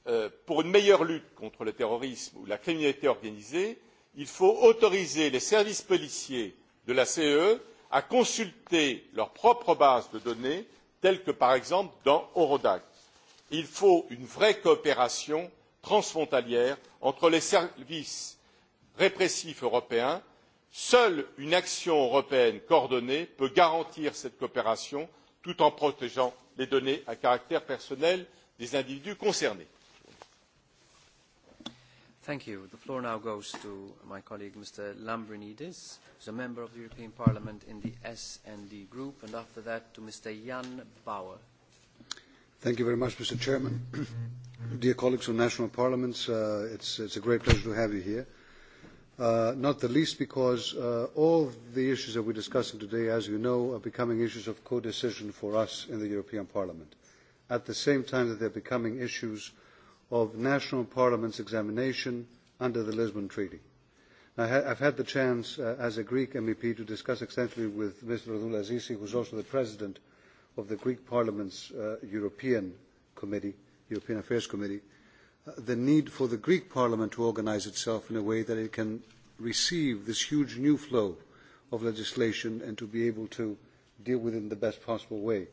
L: euh, pour une meilleure lutte contre le terrorisme ou la criminalité organisée autoriser les services policiers de la ce e à consulter leur propre base de données telle que par exemple dans eurodac. il faut une vraie coopération transfrontalière entre les services répressifs européens seule une action européenne coordonnée peut garantir cette coopération tout en protégeant les données à caractère personnel des individus concernés.
B: Thank you. The floor now goes to my colleague, Mr. Lambrinidis, who is a member of the European Parliament in the S&D group, and after that to Mr. Jan Bauer.
M: Thank you very much, Mr. Chairman. Dear colleagues of national parliaments, uh, it's, it's a great pleasure to have you here uh, not the least because uh, all the issues that we are discussing today, as you know, are becoming issues of codecision for us in the European Parliament, at the same time that they are becoming issues of national parliaments' examination under the Lisbon Treaty. I ha I've had the chance uh, as a Greek MEP to discuss extensively with Mr. Radul Azizi, who is also the president of the Greek Parliament's uh, European Committee, European Affairs Committee, Uh, the need for the Greek Parliament to organise itself in a way that it can receive this huge new flow of legislation and to be able to deal with it in the best possible way.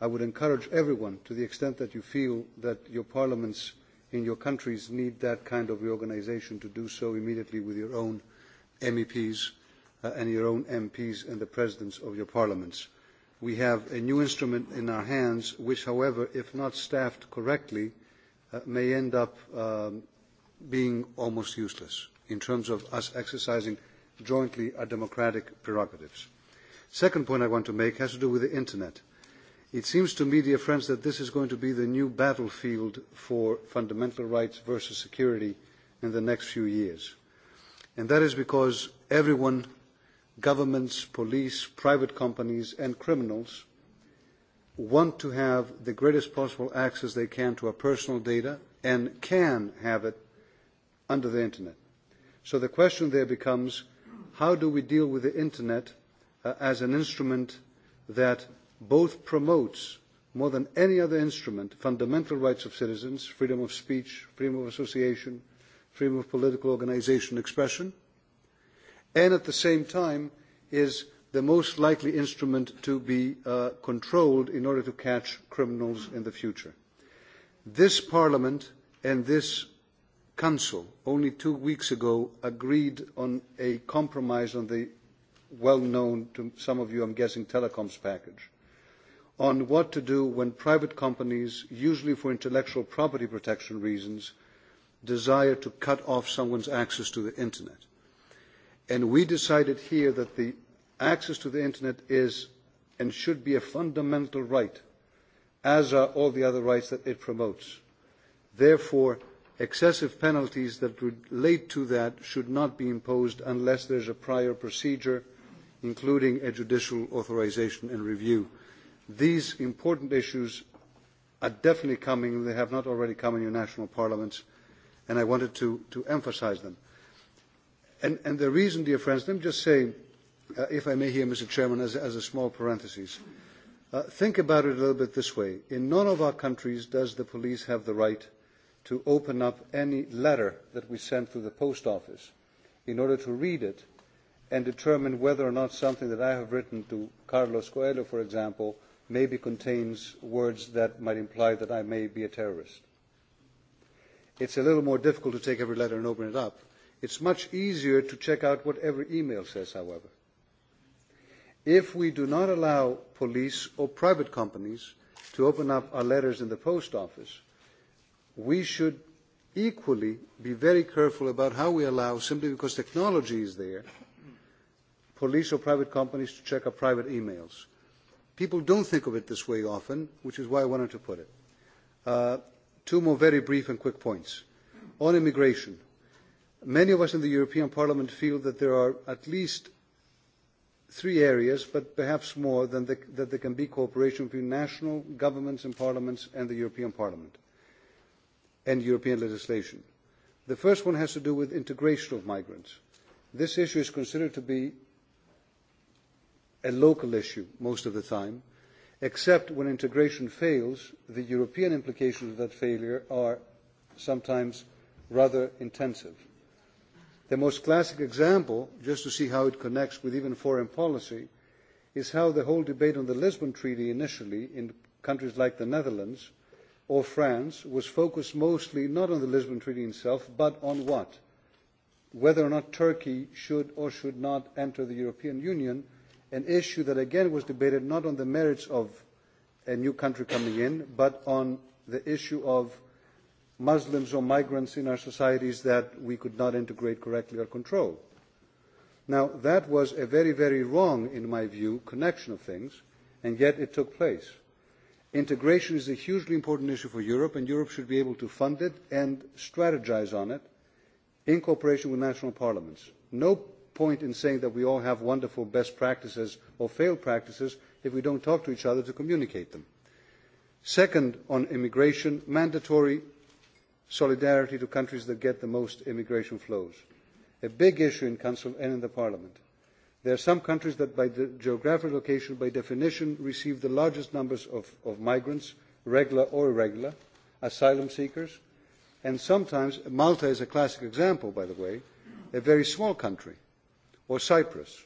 M: I would encourage everyone, to the extent that you feel that your parliaments in your countries need that kind of reorganisation, to do so immediately with your own MEPs uh, and your own MPs and the presidents of your parliaments. We have a new instrument in our hands, which, however, if not staffed correctly, uh, may end up um, being almost useless in terms of us exercising jointly our democratic prerogatives. Second point I want to make has to do with the Internet. It seems to me, dear friends, that this is going to be the new battlefield for fundamental rights versus security in the next few years. And that is because everyone, governments, police, private companies and criminals want to have the greatest possible access they can to our personal data and can have it under the internet. So the question there becomes, how do we deal with the internet uh, as an instrument that both promotes more than any other instrument fundamental rights of citizens, freedom of speech, freedom of association, freedom of political organization expression, and at the same time is the most likely instrument to be uh, controlled in order to catch criminals in the future. This Parliament and this Council only two weeks ago agreed on a compromise on the well known to some of you, I'm guessing, telecoms package on what to do when private companies, usually for intellectual property protection reasons, desire to cut off someone's access to the internet. And we decided here that the access to the internet is and should be a fundamental right, as are all the other rights that it promotes. Therefore, excessive penalties that relate to that should not be imposed unless there is a prior procedure, including a judicial authorisation and review. These important issues are definitely coming, they have not already come in your national parliaments, and I wanted to, to emphasise them. And, and the reason, dear friends, let me just say, uh, if I may here, Mr. Chairman, as, as a small parenthesis. Uh, think about it a little bit this way. In none of our countries does the police have the right to open up any letter that we send through the post office in order to read it and determine whether or not something that I have written to Carlos Coelho, for example, maybe contains words that might imply that I may be a terrorist. It's a little more difficult to take every letter and open it up. It's much easier to check out what every email says, however if we do not allow police or private companies to open up our letters in the post office, we should equally be very careful about how we allow, simply because technology is there, police or private companies to check our private emails. People don't think of it this way often, which is why I wanted to put it. Uh, two more very brief and quick points. On immigration, many of us in the European Parliament feel that there are at least three areas, but perhaps more, than the, that there can be cooperation between national governments and parliaments and the European Parliament and European legislation. The first one has to do with integration of migrants. This issue is considered to be a local issue most of the time, except when integration fails, the European implications of that failure are sometimes rather intensive. The most classic example, just to see how it connects with even foreign policy, is how the whole debate on the Lisbon Treaty initially in countries like the Netherlands or France was focused mostly not on the Lisbon Treaty itself, but on what? Whether or not Turkey should or should not enter the European Union, an issue that again was debated not on the merits of a new country coming in, but on the issue of Muslims or migrants in our societies that we could not integrate correctly or control. Now, that was a very, very wrong, in my view, connection of things, and yet it took place. Integration is a hugely important issue for Europe, and Europe should be able to fund it and strategize on it in cooperation with national parliaments. No point in saying that we all have wonderful best practices or failed practices if we don't talk to each other to communicate them. Second, on immigration, mandatory solidarity to countries that get the most immigration flows. A big issue in Council and in the Parliament. There are some countries that by the geographic location, by definition, receive the largest numbers of, of migrants, regular or irregular, asylum seekers, and sometimes Malta is a classic example, by the way, a very small country, or Cyprus,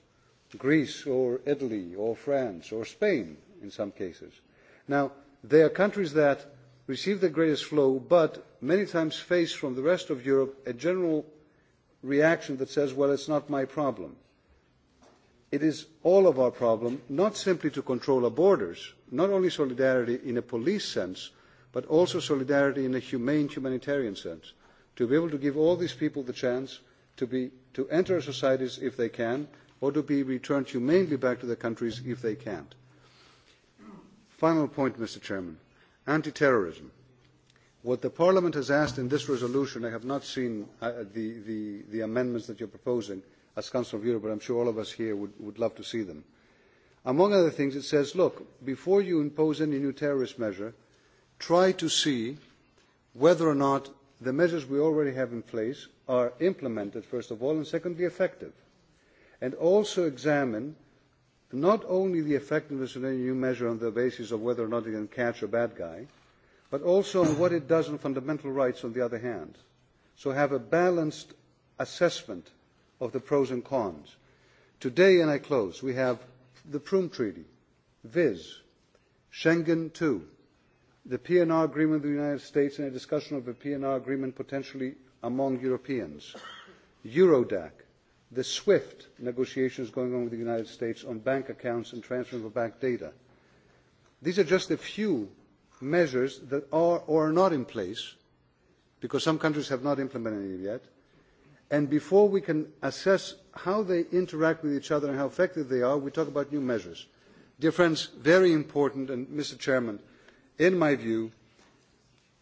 M: Greece, or Italy, or France, or Spain in some cases. Now, they are countries that receive the greatest flow, but many times face from the rest of Europe a general reaction that says, well, it's not my problem. It is all of our problem, not simply to control our borders, not only solidarity in a police sense, but also solidarity in a humane humanitarian sense, to be able to give all these people the chance to, be, to enter our societies if they can, or to be returned humanely back to their countries if they can't. Final point, Mr. Chairman. Anti-terrorism. What the Parliament has asked in this resolution, I have not seen uh, the, the, the amendments that you're proposing as Council of Europe, but I'm sure all of us here would, would love to see them. Among other things, it says, look, before you impose any new terrorist measure, try to see whether or not the measures we already have in place are implemented, first of all, and secondly, effective. And also examine not only the effectiveness of any new measure on the basis of whether or not you can catch a bad guy, but also on what it does on fundamental rights on the other hand. So have a balanced assessment of the pros and cons. Today, and I close, we have the Prum Treaty, VIS, Schengen II, the PNR agreement with the United States and a discussion of a PNR agreement potentially among Europeans, Eurodac, the swift negotiations going on with the United States on bank accounts and transfer of bank data. These are just a few measures that are or are not in place, because some countries have not implemented it yet. And before we can assess how they interact with each other and how effective they are, we talk about new measures. Dear friends, very important, and Mr. Chairman, in my view,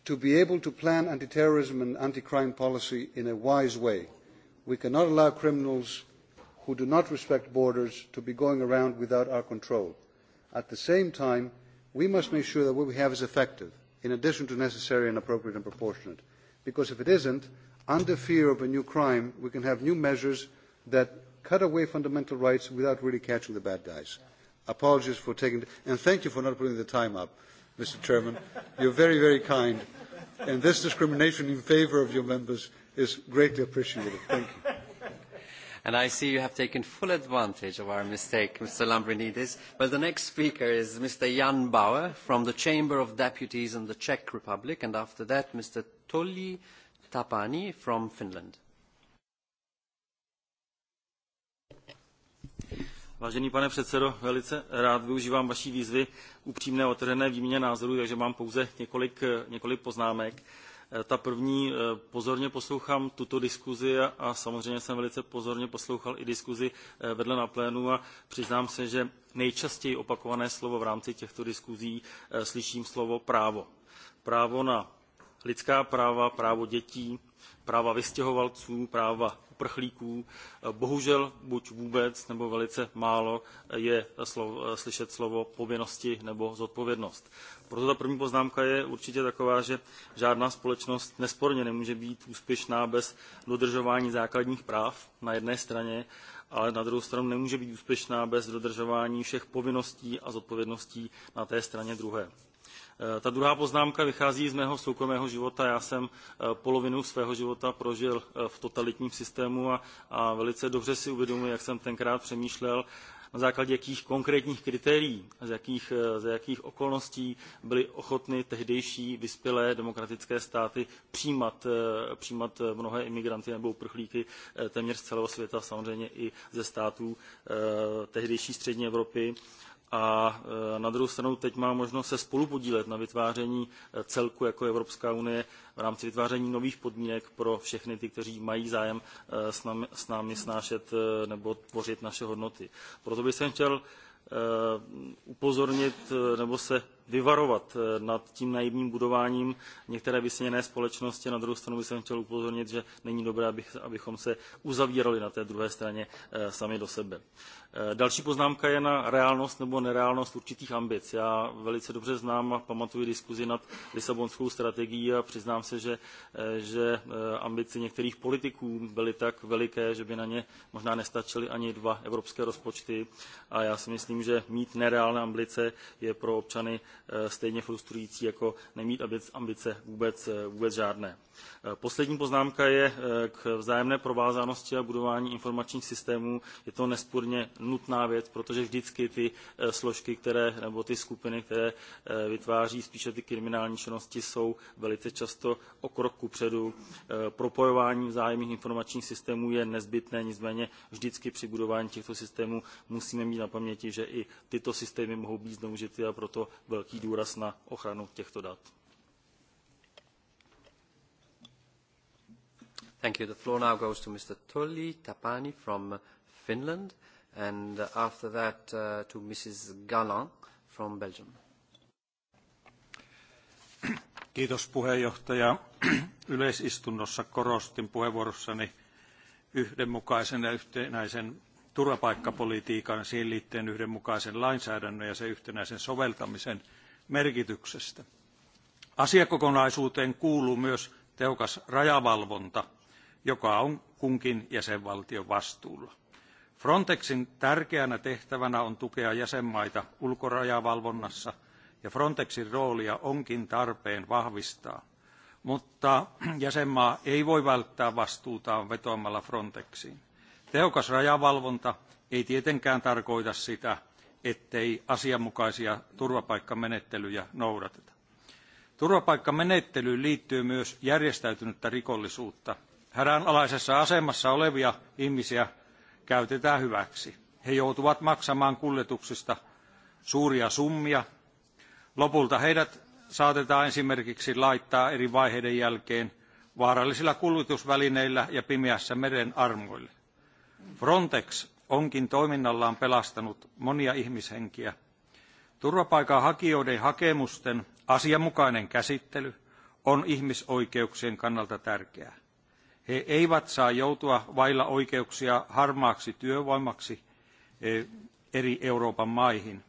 M: to be able to plan anti-terrorism and anti-crime policy in a wise way We cannot allow criminals who do not respect borders to be going around without our control. At the same time, we must make sure that what we have is effective, in addition to necessary and appropriate and proportionate. Because if it isn't, under fear of a new crime, we can have new measures that cut away fundamental rights without really catching the bad guys. Apologies for taking, and thank you for not putting the time up, Mr. Chairman. You're very, very kind. And this discrimination in favor of your members is greatly appreciated. Thank you.
B: And I see you have taken full advantage of our mistake, Mr. Lambrinidis. Well, the next speaker is Mr. Jan Bauer from the Chamber of Deputies in the Czech Republic, and after that, Mr. Tolli Tapani from Finland.
N: Vážený pane předsedo, velice rád využívám vaší výzvy upřímné otevřené výměně názorů, takže mám pouze několik, několik poznámek. Uh, Eh, ta první, eh, pozorně poslouchám tuto diskuzi a samozřejmě jsem velice pozorně poslouchal i diskuzi eh, vedle na plénu a přiznám se, že nejčastěji opakované slovo v rámci těchto diskuzí slyším slovo právo. Právo na lidská práva, právo dětí, práva vystěhovalců, práva uprchlíků. Eh, bohužel buď vůbec nebo velice málo eh, je slovo, eh, slyšet slovo povinnosti nebo zodpovědnost. Proto ta první poznámka je určitě taková, že žádná společnost nesporně nemůže být úspěšná bez dodržování základních práv na jedné straně, ale na druhou stranu nemůže být úspěšná bez dodržování všech povinností a zodpovědností na té straně druhé. Eh, ta druhá poznámka vychází z mého soukromého života. Já jsem eh, polovinu svého života prožil eh, v totalitním systému a, a velice dobře si uvědomuji, jak jsem tenkrát přemýšlel, na základě jakých konkrétních kritérií, z jakých, z jakých okolností byly ochotny tehdejší vyspělé demokratické státy přijímat, přijímat mnohé imigranty nebo uprchlíky téměř z celého světa, samozřejmě i ze států tehdejší střední Evropy a e, na druhou stranu teď má možnost se spolupodílet na vytváření e, celku jako Evropská unie v rámci vytváření nových podmínek pro všechny ty, kteří mají zájem e, s námi, s námi snášet nebo tvořit naše hodnoty. Proto bych jsem chtěl upozornit nebo se vyvarovat eh, nad tím naivním budováním některé vysněné společnosti. Na druhou stranu bych jsem chtěl upozornit, že není dobré, abychom se uzavírali na té druhé straně eh, sami do sebe. Eh, další poznámka je na reálnost nebo nereálnost určitých ambic. Já velice dobře znám a pamatuju diskuzi nad Lisabonskou strategií a přiznám se, že, že některých politiků byly tak veliké, že by na ně možná nestačily ani dva evropské rozpočty. A já si myslím, že mít nereálné ambice je pro občany Eh, stejně frustrující, jako nemít ambice vůbec, eh, vůbec žádné. Eh, poslední poznámka je k vzájemné provázanosti a budování informačních systémů. Je to nesporně nutná věc, protože vždycky ty složky, které, nebo ty skupiny, které vytváří spíše ty kriminální činnosti, jsou velice často o krok kupředu. Propojování vzájemných informačních systémů je nezbytné, nicméně vždycky při budování těchto systémů musíme mít na paměti, že i tyto systémy mohou být zneužity a proto velký velký důraz na ochranu těchto dat. Thank you. The floor now goes to Mr. Tolli
B: Tapani from Finland and after that uh, to Mrs. Galan
O: from Belgium. Kiitos puheenjohtaja. Yleisistunnossa korostin puheenvuorossani yhdenmukaisen ja yhtenäisen turvapaikkapolitiikan, ja siihen liittyen yhdenmukaisen lainsäädännön ja sen yhtenäisen soveltamisen – merkityksestä. Asiakokonaisuuteen kuuluu myös tehokas rajavalvonta, joka on kunkin jäsenvaltion vastuulla. Frontexin tärkeänä tehtävänä on tukea jäsenmaita ulkorajavalvonnassa ja Frontexin roolia onkin tarpeen vahvistaa. Mutta jäsenmaa ei voi välttää vastuutaan vetoamalla Frontexiin. Tehokas rajavalvonta ei tietenkään tarkoita sitä, ettei asianmukaisia turvapaikkamenettelyjä noudateta. Turvapaikkamenettelyyn liittyy myös järjestäytynyttä rikollisuutta. Hädänalaisessa asemassa olevia ihmisiä käytetään hyväksi. He joutuvat maksamaan kuljetuksista suuria summia. Lopulta heidät saatetaan esimerkiksi laittaa eri vaiheiden jälkeen vaarallisilla kuljetusvälineillä ja pimeässä meren armoille. Frontex onkin toiminnallaan pelastanut monia ihmishenkiä. Turvapaikanhakijoiden hakemusten asianmukainen käsittely on ihmisoikeuksien kannalta tärkeää. He eivät saa joutua vailla oikeuksia harmaaksi työvoimaksi e, eri Euroopan maihin.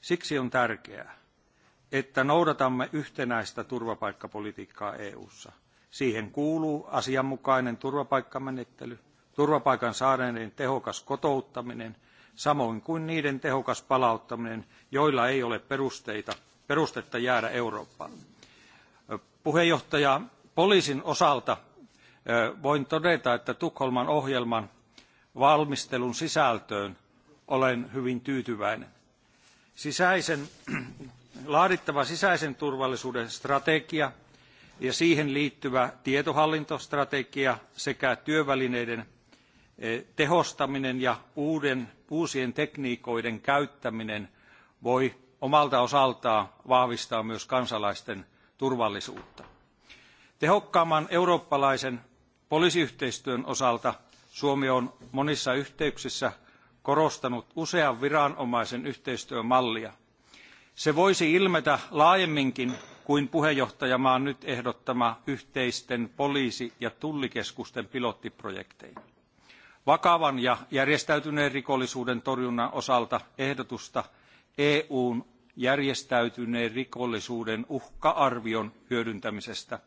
O: Siksi on tärkeää, että noudatamme yhtenäistä turvapaikkapolitiikkaa EU:ssa. Siihen kuuluu asianmukainen turvapaikkamenettely – turvapaikan saaneiden tehokas kotouttaminen samoin kuin niiden tehokas palauttaminen joilla ei ole perusteita, perustetta jäädä eurooppaan. puheenjohtaja poliisin osalta voin todeta että tukholman ohjelman valmistelun sisältöön olen hyvin tyytyväinen. Sisäisen, laadittava sisäisen turvallisuuden strategia ja siihen liittyvä tietohallintostrategia sekä työvälineiden Eh, tehostaminen ja uuden, uusien tekniikoiden käyttäminen voi omalta osaltaan vahvistaa myös kansalaisten turvallisuutta. Tehokkaamman eurooppalaisen poliisiyhteistyön osalta Suomi on monissa yhteyksissä korostanut usean viranomaisen yhteistyömallia. Se voisi ilmetä laajemminkin kuin puheenjohtajamaan nyt ehdottama yhteisten poliisi- ja tullikeskusten pilottiprojekteihin. Vakavan ja järjestäytyneen rikollisuuden torjunnan osalta ehdotusta EUn järjestäytyneen rikollisuuden uhka-arvion hyödyntämisestä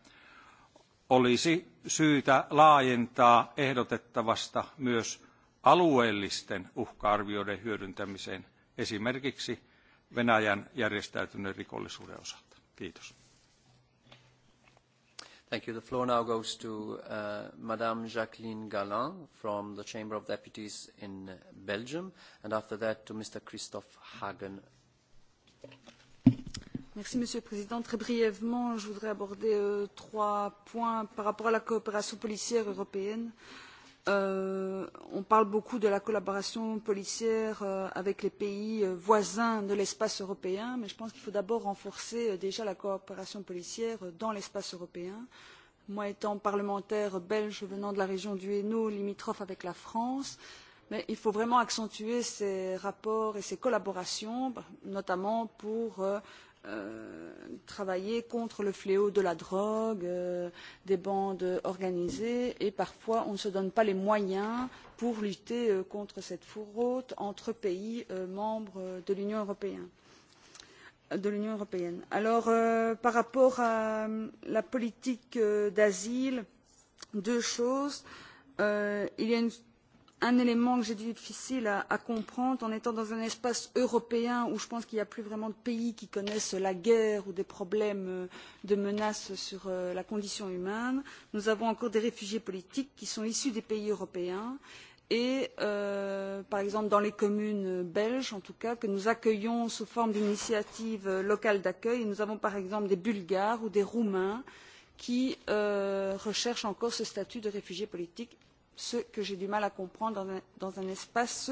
O: olisi syytä laajentaa ehdotettavasta myös alueellisten uhka-arvioiden hyödyntämiseen, esimerkiksi Venäjän järjestäytyneen rikollisuuden osalta. Kiitos.
B: Thank you. The floor now goes to uh, Madame Jacqueline Galland from the Chamber of Deputies in Belgium, and after that to Mr. Christophe Hagen.
P: Merci, Monsieur le Président. Très brièvement, je voudrais aborder euh, trois points par rapport à la coopération policière européenne. Euh, Euh, on parle beaucoup de la collaboration policière euh, avec les pays euh, voisins de l'espace européen, mais je pense qu'il faut d'abord renforcer euh, déjà la coopération policière euh, dans l'espace européen. Moi étant parlementaire belge venant de la région du Hainaut, limitrophe avec la France, mais il faut vraiment accentuer ces rapports et ces collaborations, notamment pour euh, Euh, travailler contre le fléau de la drogue, euh, des bandes organisées, et parfois on ne se donne pas les moyens pour lutter euh, contre cette fourrote entre pays euh, membres de l'Union européenne. De l'Union européenne. Alors, euh, par rapport à euh, la politique euh, d'asile, deux choses. Euh, il y a une un élément que j'ai difficile à, à comprendre en étant dans un espace européen où je pense qu'il n'y a plus vraiment de pays qui connaissent la guerre ou des problèmes euh, de menaces sur euh, la condition humaine. Nous avons encore des réfugiés politiques qui sont issus des pays européens et euh, par exemple dans les communes belges en tout cas que nous accueillons sous forme d'initiatives locales d'accueil. Nous avons par exemple des Bulgares ou des Roumains qui euh, recherchent encore ce statut de réfugié politique ce que j'ai du mal à comprendre dans un, dans un espace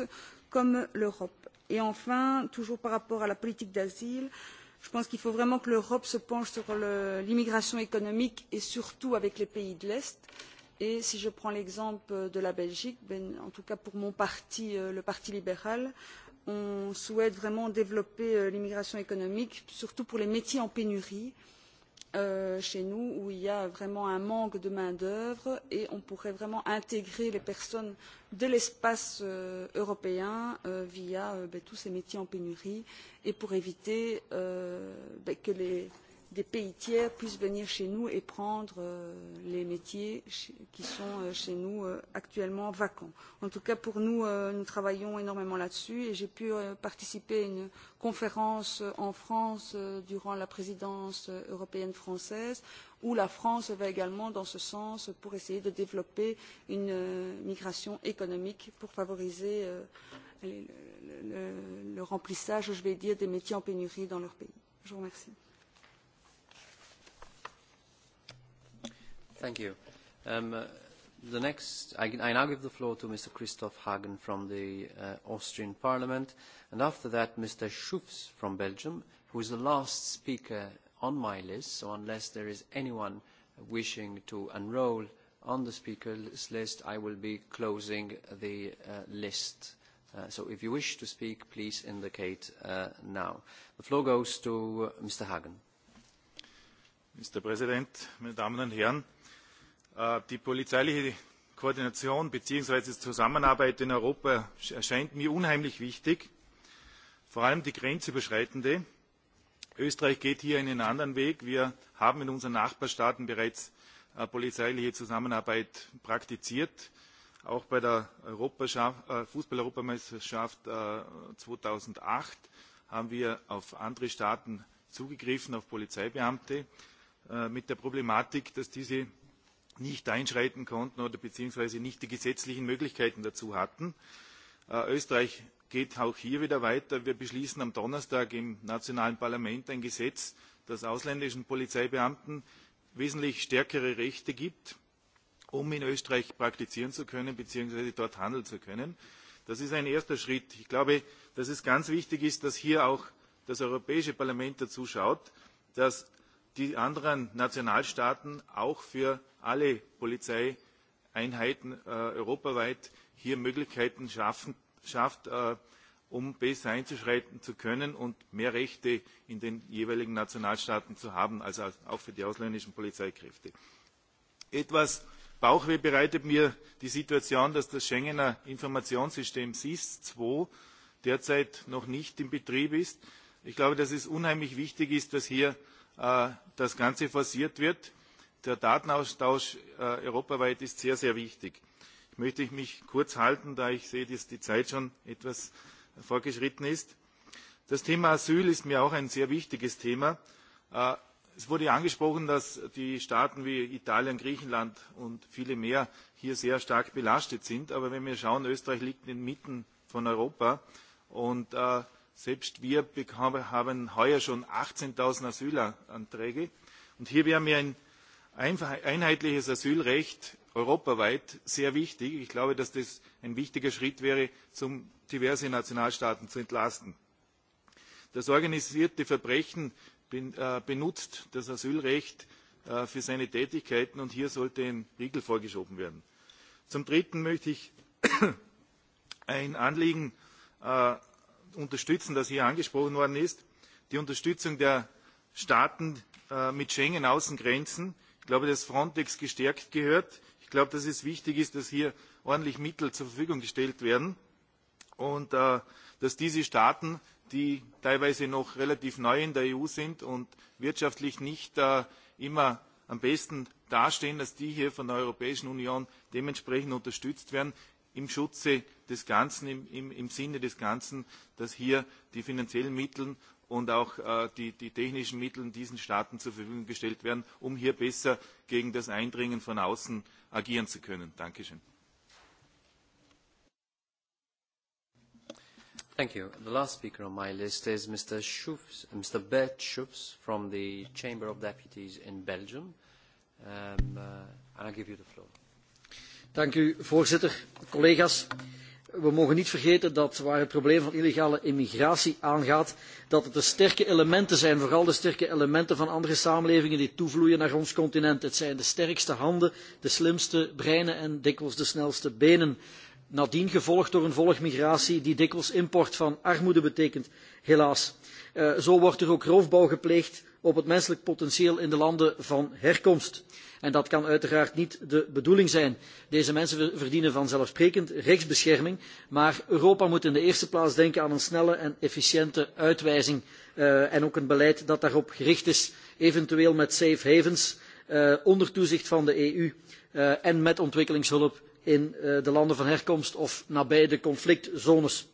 P: comme l'Europe. Et enfin, toujours par rapport à la politique d'asile, je pense qu'il faut vraiment que l'Europe se penche sur l'immigration économique et surtout avec les pays de l'Est. Et si je prends l'exemple de la Belgique, ben, en tout cas pour mon parti, euh, le Parti libéral, on souhaite vraiment développer euh, l'immigration économique, surtout pour les métiers en pénurie. Euh, Euh, chez nous où il y a vraiment un manque de main-d'œuvre et on pourrait vraiment intégrer les personnes de l'espace euh, européen euh, via euh, ben, tous ces métiers en pénurie et pour éviter euh, ben, que les des pays tiers puissent venir chez nous et prendre euh, les métiers qui sont euh, chez nous euh, actuellement vacants. En tout cas, pour nous, euh, nous travaillons énormément là-dessus et j'ai pu euh, participer à une conférence euh, en France euh, durant la présidence euh, européenne française où la France va également dans ce sens pour essayer de développer une euh, migration économique pour favoriser euh, le, le, le remplissage, je vais dire, des métiers en pénurie dans leur pays. Je vous remercie.
B: Thank you. Um, uh, the next, I, I now give the floor to Mr. Christoph Hagen from the uh, Austrian Parliament, and after that, Mr. Schufs from Belgium, who is the last speaker on my list, so unless there is anyone wishing to enroll on the speaker's list, I will be closing the uh, list. Uh, so if you wish to speak, please indicate uh, now.
Q: The floor goes to uh, Mr. Hagen. Mr. Präsident, meine Damen und Herren! Äh, die polizeiliche Koordination bzw. Zusammenarbeit in Europa erscheint mir unheimlich wichtig, vor allem die grenzüberschreitende. Österreich geht hier einen anderen Weg. Wir haben in unseren Nachbarstaaten bereits äh, polizeiliche Zusammenarbeit praktiziert. Auch bei der äh, Fußball-Europameisterschaft 2008 haben wir auf andere Staaten zugegriffen, auf Polizeibeamte. Äh, mit der Problematik, dass diese nicht einschreiten konnten oder beziehungsweise nicht die gesetzlichen Möglichkeiten dazu hatten. Äh, Österreich geht auch hier wieder weiter. Wir beschließen am Donnerstag im nationalen Parlament ein Gesetz, das ausländischen Polizeibeamten wesentlich stärkere Rechte gibt, um in Österreich praktizieren zu können beziehungsweise dort handeln zu können. Das ist ein erster Schritt. Ich glaube, dass es ganz wichtig ist, dass hier auch das Europäische Parlament dazu schaut, dass die anderen Nationalstaaten auch für alle Polizeieinheiten äh, europaweit hier Möglichkeiten schaffen, schafft, äh, um besser einzuschreiten zu können und mehr Rechte in den jeweiligen Nationalstaaten zu haben, als auch für die ausländischen Polizeikräfte. Etwas Bauchweh bereitet mir die Situation, dass das Schengener Informationssystem SIS II derzeit noch nicht in Betrieb ist. Ich glaube, dass es unheimlich wichtig ist, dass hier Äh, das Ganze forciert wird. Der Datenaustausch äh, europaweit ist sehr, sehr wichtig. Ich möchte mich kurz halten, da ich sehe, dass die Zeit schon etwas fortgeschritten ist. Das Thema Asyl ist mir auch ein sehr wichtiges Thema. Äh, es wurde angesprochen, dass die Staaten wie Italien, Griechenland und viele mehr hier sehr stark belastet sind. Aber wenn wir schauen, Österreich liegt inmitten von Europa und äh, Selbst wir haben heuer schon 18.000 Asylanträge. Und hier wäre mir ein einheitliches Asylrecht europaweit sehr wichtig. Ich glaube, dass das ein wichtiger Schritt wäre, um diverse Nationalstaaten zu entlasten. Das organisierte Verbrechen äh, benutzt das Asylrecht äh, für seine Tätigkeiten und hier sollte ein Riegel vorgeschoben werden. Zum Dritten möchte ich ein Anliegen äh, unterstützen, das hier angesprochen worden ist, die Unterstützung der Staaten äh, mit Schengen-Außengrenzen. Ich glaube, dass Frontex gestärkt gehört. Ich glaube, dass es wichtig ist, dass hier ordentlich Mittel zur Verfügung gestellt werden und äh, dass diese Staaten, die teilweise noch relativ neu in der EU sind und wirtschaftlich nicht äh, immer am besten dastehen, dass die hier von der Europäischen Union dementsprechend unterstützt werden im Schutze des Ganzen, im, im, im Sinne des Ganzen, dass hier die finanziellen Mittel und auch äh, die, die technischen Mittel diesen Staaten zur Verfügung gestellt werden, um hier besser gegen das Eindringen von außen agieren zu können. Dankeschön.
B: Thank you. The last speaker on my list is Mr. Schufs, Mr. Bert Schufs from the Chamber of Deputies in Belgium. Um, uh, I'll give you the floor.
R: Dank u, voorzitter. Collega's, we mogen niet vergeten dat waar het probleem van illegale immigratie aangaat, dat het de sterke elementen zijn, vooral de sterke elementen van andere samenlevingen die toevloeien naar ons continent. Het zijn de sterkste handen, de slimste breinen en dikwijls de snelste benen. Nadien gevolgd door een volgmigratie die dikwijls import van armoede betekent, helaas. Uh, zo wordt er ook roofbouw gepleegd op het menselijk potentieel in de landen van herkomst. En dat kan uiteraard niet de bedoeling zijn. Deze mensen verdienen vanzelfsprekend rechtsbescherming, maar Europa moet in de eerste plaats denken aan een snelle en efficiënte uitwijzing uh, en ook een beleid dat daarop gericht is, eventueel met safe havens uh, onder toezicht van de EU uh, eh, en met ontwikkelingshulp in de landen van herkomst of nabij de conflictzones.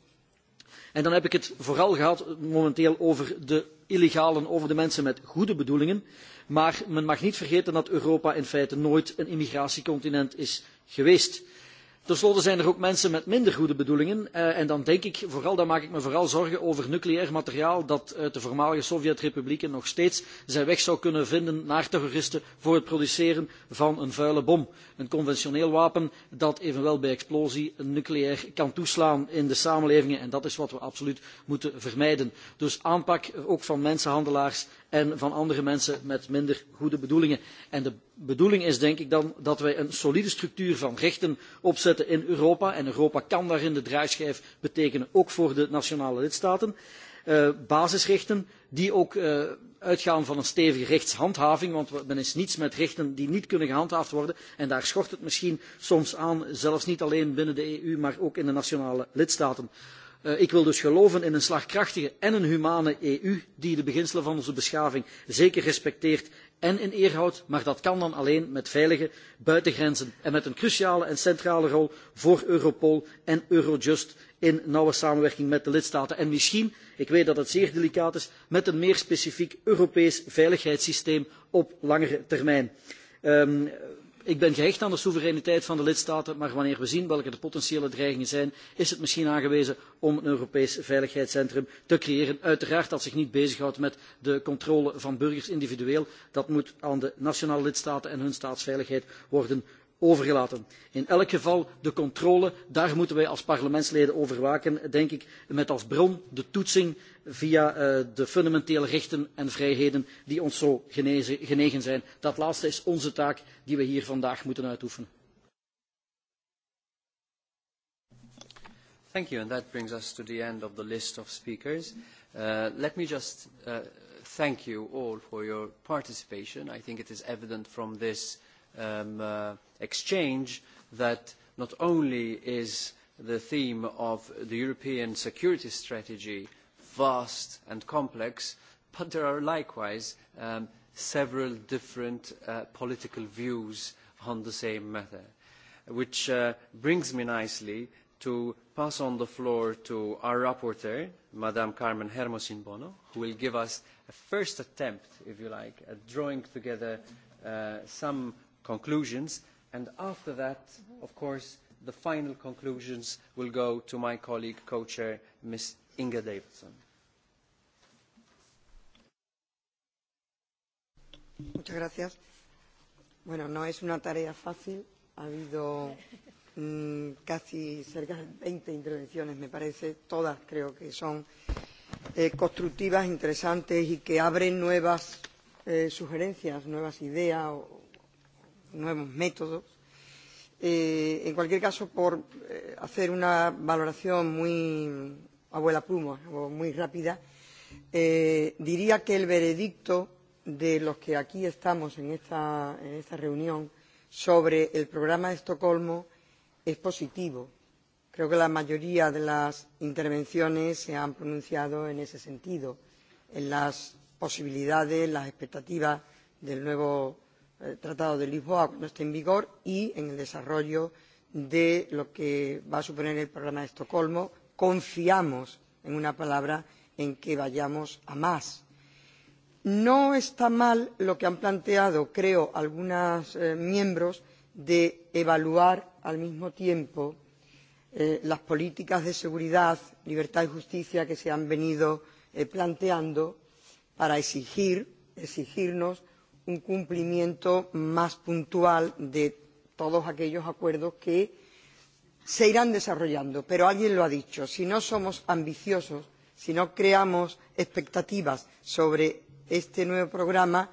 R: En dan heb ik het vooral gehad momenteel over de illegalen over de mensen met goede bedoelingen. Maar men mag niet vergeten dat Europa in feite nooit een immigratiecontinent is geweest. Ten slotte zijn er ook mensen met minder goede bedoelingen. Uh, en dan denk ik vooral, dan maak ik me vooral zorgen over nucleair materiaal dat uit eh, de voormalige Sovjet-republieken nog steeds zijn weg zou kunnen vinden naar terroristen voor het produceren van een vuile bom. Een conventioneel wapen dat evenwel bij explosie nucleair kan toeslaan in de samenlevingen. En dat is wat we absoluut moeten vermijden. Dus aanpak eh, ook van mensenhandelaars en van andere mensen met minder goede bedoelingen. En de bedoeling is denk ik dan dat wij een solide structuur van rechten opzetten in Europa. En Europa kan daarin de draaischijf betekenen, ook voor de nationale lidstaten. Uh, basisrechten die ook uh, uitgaan van een stevige rechtshandhaving, want men is niets met rechten die niet kunnen gehandhaafd worden. En daar schort het misschien soms aan, zelfs niet alleen binnen de EU, maar ook in de nationale lidstaten. Eh, ik wil dus geloven in een slagkrachtige en een humane EU die de beginselen van onze beschaving zeker respecteert en in eer houdt, maar dat kan dan alleen met veilige buitengrenzen en met een cruciale en centrale rol voor Europol en Eurojust in nauwe samenwerking met de lidstaten en misschien, ik weet dat het zeer delicaat is, met een meer specifiek Europees veiligheidssysteem op langere termijn. Um, Ik ben gehecht aan de soevereiniteit van de lidstaten, maar wanneer we zien welke de potentiële dreigingen zijn, is het misschien aangewezen om een Europees veiligheidscentrum te creëren. Uiteraard dat zich niet bezighoudt met de controle van burgers individueel. Dat moet aan de nationale lidstaten en hun staatsveiligheid worden overgelaten. In elk geval, de controle, daar moeten wij als parlementsleden over waken, denk ik, met als bron de toetsing via uh, de fundamentele rechten en vrijheden die ons zo genezen, genegen zijn. Dat laatste is onze taak die we hier vandaag moeten uitoefenen.
B: Thank you, and that brings us to the end of the list of speakers. Uh, let me just uh, thank you all for your participation. I think it is evident from this um, uh, exchange that not only is the theme of the European security strategy vast and complex, but there are likewise um, several different uh, political views on the same matter, which uh, brings me nicely to pass on the floor to our rapporteur, Madame Carmen Hermosin Bono, who will give us a first attempt, if you like, at drawing together uh, some conclusions. And after that, mm-hmm. of course, the final conclusions will go to my colleague, co-chair, Ms. Inga Davidson.
C: Muchas gracias. Bueno, no es una tarea fácil. Ha habido mm, casi cerca de 20 intervenciones, me parece. Todas creo que son eh, constructivas, interesantes y que abren nuevas eh, sugerencias, nuevas ideas o, nuevos métodos. Eh, en cualquier caso, por eh, hacer una valoración muy abuela pluma o muy rápida, eh, diría que el veredicto de los que aquí estamos en esta, en esta reunión sobre el programa de Estocolmo es positivo. Creo que la mayoría de las intervenciones se han pronunciado en ese sentido, en las posibilidades, las expectativas del nuevo el eh, Tratado de Lisboa cuando esté en vigor y en el desarrollo de lo que va a suponer el programa de Estocolmo. Confiamos, en una palabra, en que vayamos a más. No está mal lo que han planteado, creo, algunos eh, miembros de evaluar al mismo tiempo eh, las políticas de seguridad, libertad y justicia que se han venido eh, planteando para exigir, exigirnos un cumplimiento más puntual de todos aquellos acuerdos que se irán desarrollando. Pero alguien lo ha dicho, si no somos ambiciosos, si no creamos expectativas sobre este nuevo programa,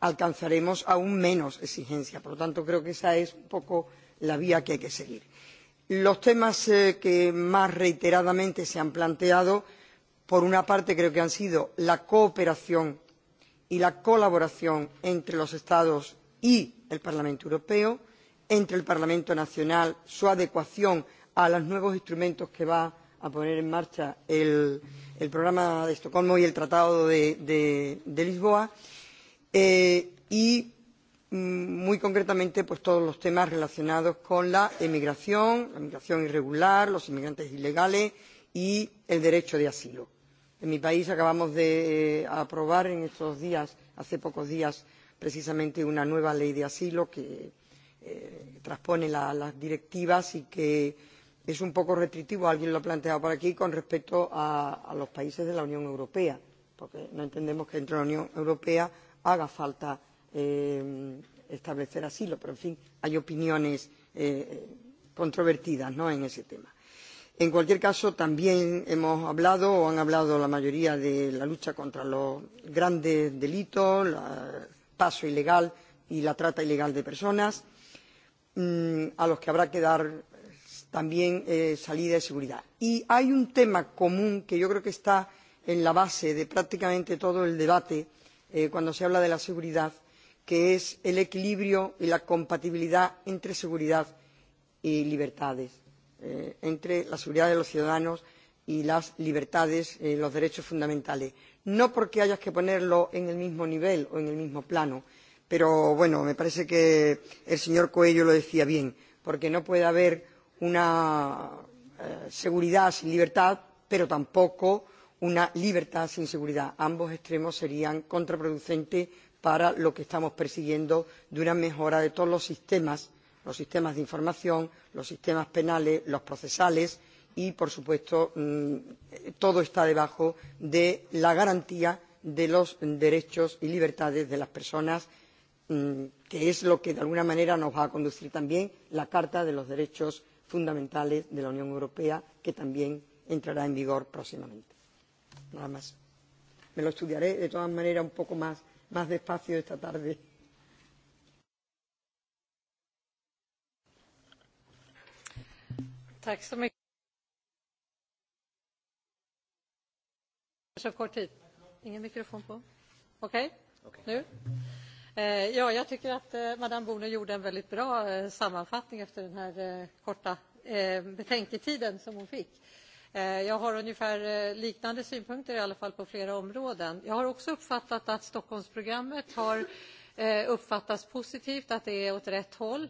C: alcanzaremos aún menos exigencia. Por lo tanto, creo que esa es un poco la vía que hay que seguir. Los temas eh, que más reiteradamente se han planteado, por una parte, creo que han sido la cooperación y la colaboración entre los Estados y el Parlamento Europeo, entre el Parlamento Nacional, su adecuación a los nuevos instrumentos que va a poner en marcha el, el programa de Estocolmo y el Tratado de, de, de Lisboa, eh, y mm, muy concretamente pues, todos los temas relacionados con la emigración, la migración irregular, los inmigrantes ilegales y el derecho de asilo. En mi país acabamos de eh, aprobar en estos días, hace pocos días, precisamente una nueva ley de asilo que eh, transpone la, las directivas y que es un poco restrictivo, alguien lo ha planteado por aquí, con respecto a, a los países de la Unión Europea, porque no entendemos que dentro de la Unión Europea haga falta eh, establecer asilo, pero en fin, hay opiniones eh, controvertidas ¿no? en ese tema. En cualquier caso, también hemos hablado o han hablado la mayoría de la lucha contra los grandes delitos, el paso ilegal y la trata ilegal de personas, mm, a los que habrá que dar también eh, salida de seguridad. Y hay un tema común que yo creo que está en la base de prácticamente todo el debate eh, cuando se habla de la seguridad, que es el equilibrio y la compatibilidad entre seguridad y libertades eh, entre la seguridad de los ciudadanos y las libertades, eh, los derechos fundamentales. No porque haya que ponerlo en el mismo nivel o en el mismo plano, pero bueno, me parece que el señor Coelho lo decía bien, porque no puede haber una eh, seguridad sin libertad, pero tampoco una libertad sin seguridad. Ambos extremos serían contraproducentes para lo que estamos persiguiendo de una mejora de todos los sistemas los sistemas de información, los sistemas penales, los procesales y, por supuesto, mm, todo está debajo de la garantía de los derechos y libertades de las personas, mm, que es lo que, de alguna manera, nos va a conducir también la Carta de los Derechos Fundamentales de la Unión Europea, que también entrará en vigor próximamente. Nada más. Me lo estudiaré, de todas maneras, un poco más, más despacio esta tarde
A: Tack så mycket. Så kort tid. Ingen mikrofon på. Okej, okay. okay. nu. Eh, ja, jag tycker att eh, Madame Bonen gjorde en väldigt bra eh, sammanfattning efter den här eh, korta eh, betänketiden som hon fick. Eh, jag har ungefär eh, liknande synpunkter i alla fall på flera områden. Jag har också uppfattat att Stockholmsprogrammet har eh, uppfattats positivt, att det är åt rätt håll. Eh,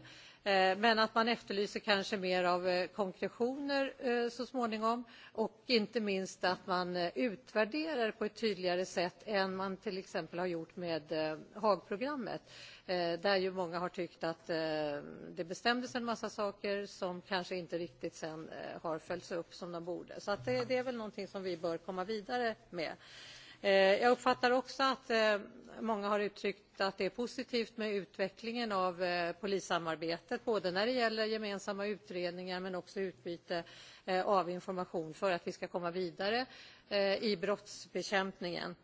A: Eh, men att man efterlyser kanske mer av eh, konkretioner eh, så småningom och inte minst att man utvärderar på ett tydligare sätt än man till exempel har gjort med Haagprogrammet. Där ju många har tyckt att det bestämdes en massa saker som kanske inte riktigt sen har följts upp som de borde. Så att det, det är väl någonting som vi bör komma vidare med. Eh, jag uppfattar också att eh, många har uttryckt att det är positivt med utvecklingen av eh, polissamarbetet, både när det gäller gemensamma utredningar men också utbyte av information för att vi ska komma vidare i brottsbekämpningen.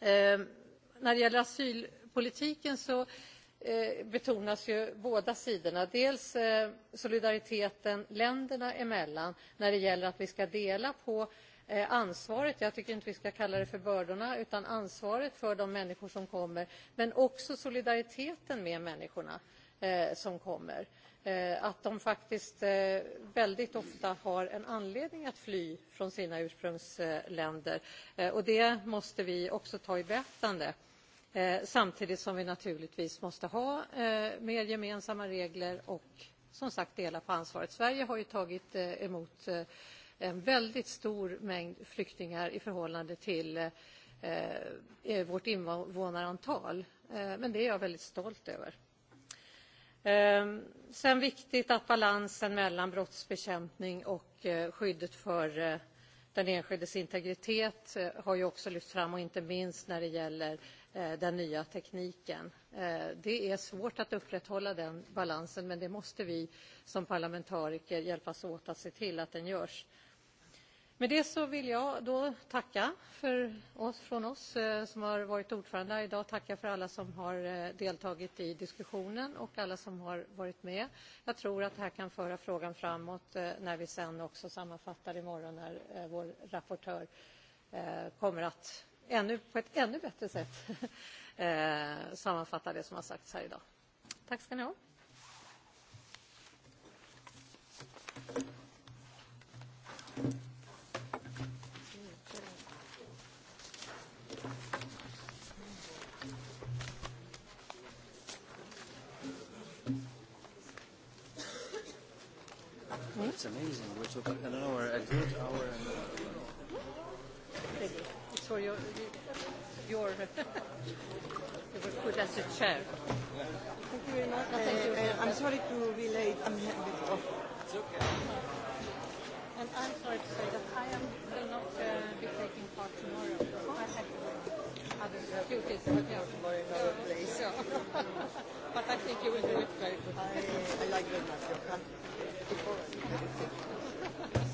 A: När det gäller asylpolitiken så betonas ju båda sidorna. Dels solidariteten länderna emellan när det gäller att vi ska dela på Eh, ansvaret, jag tycker inte vi ska kalla det för bördorna, utan ansvaret för de människor som kommer, men också solidariteten med människorna eh, som kommer. Eh, att de faktiskt väldigt ofta har en anledning att fly från sina ursprungsländer. och det måste vi också ta i beaktande. samtidigt som vi naturligtvis måste ha mer gemensamma regler och som sagt dela på ansvaret. Sverige har ju tagit emot en väldigt stor mängd flyktingar i förhållande till eh, eh, vårt invånarantal. Eh, men det är jag väldigt stolt över. Eh, sen viktigt att balansen mellan brottsbekämpning och eh, skyddet för eh, den enskildes integritet eh, har ju också lyfts fram och inte minst när det gäller eh, den nya tekniken. Eh, det är svårt att upprätthålla den balansen men det måste vi som parlamentariker hjälpas åt att se till att den görs. Eh, Med det så vill jag då tacka för oss från oss eh, som har varit ordförande idag. Tacka för alla som har eh, deltagit i diskussionen och alla som har varit med. Jag tror att det här kan föra frågan framåt eh, när vi sen också sammanfattar imorgon när vår rapportör kommer att ännu, på ett ännu bättre sätt sammanfatta det som har sagts här idag. Tack ska ni ha.
B: amazing. We're talking an hour, a good hour and a
A: Thank It's for your, your, you were put as a chair. Thank you very much. Uh, thank you. Uh, uh, I'm
C: sorry to be late. I'm a bit off. It's okay.
A: And I'm sorry to say that I am will not uh, be taking part tomorrow. I have other duties to tomorrow in other place. So. but I think you will do it very good. I, I like very much your country.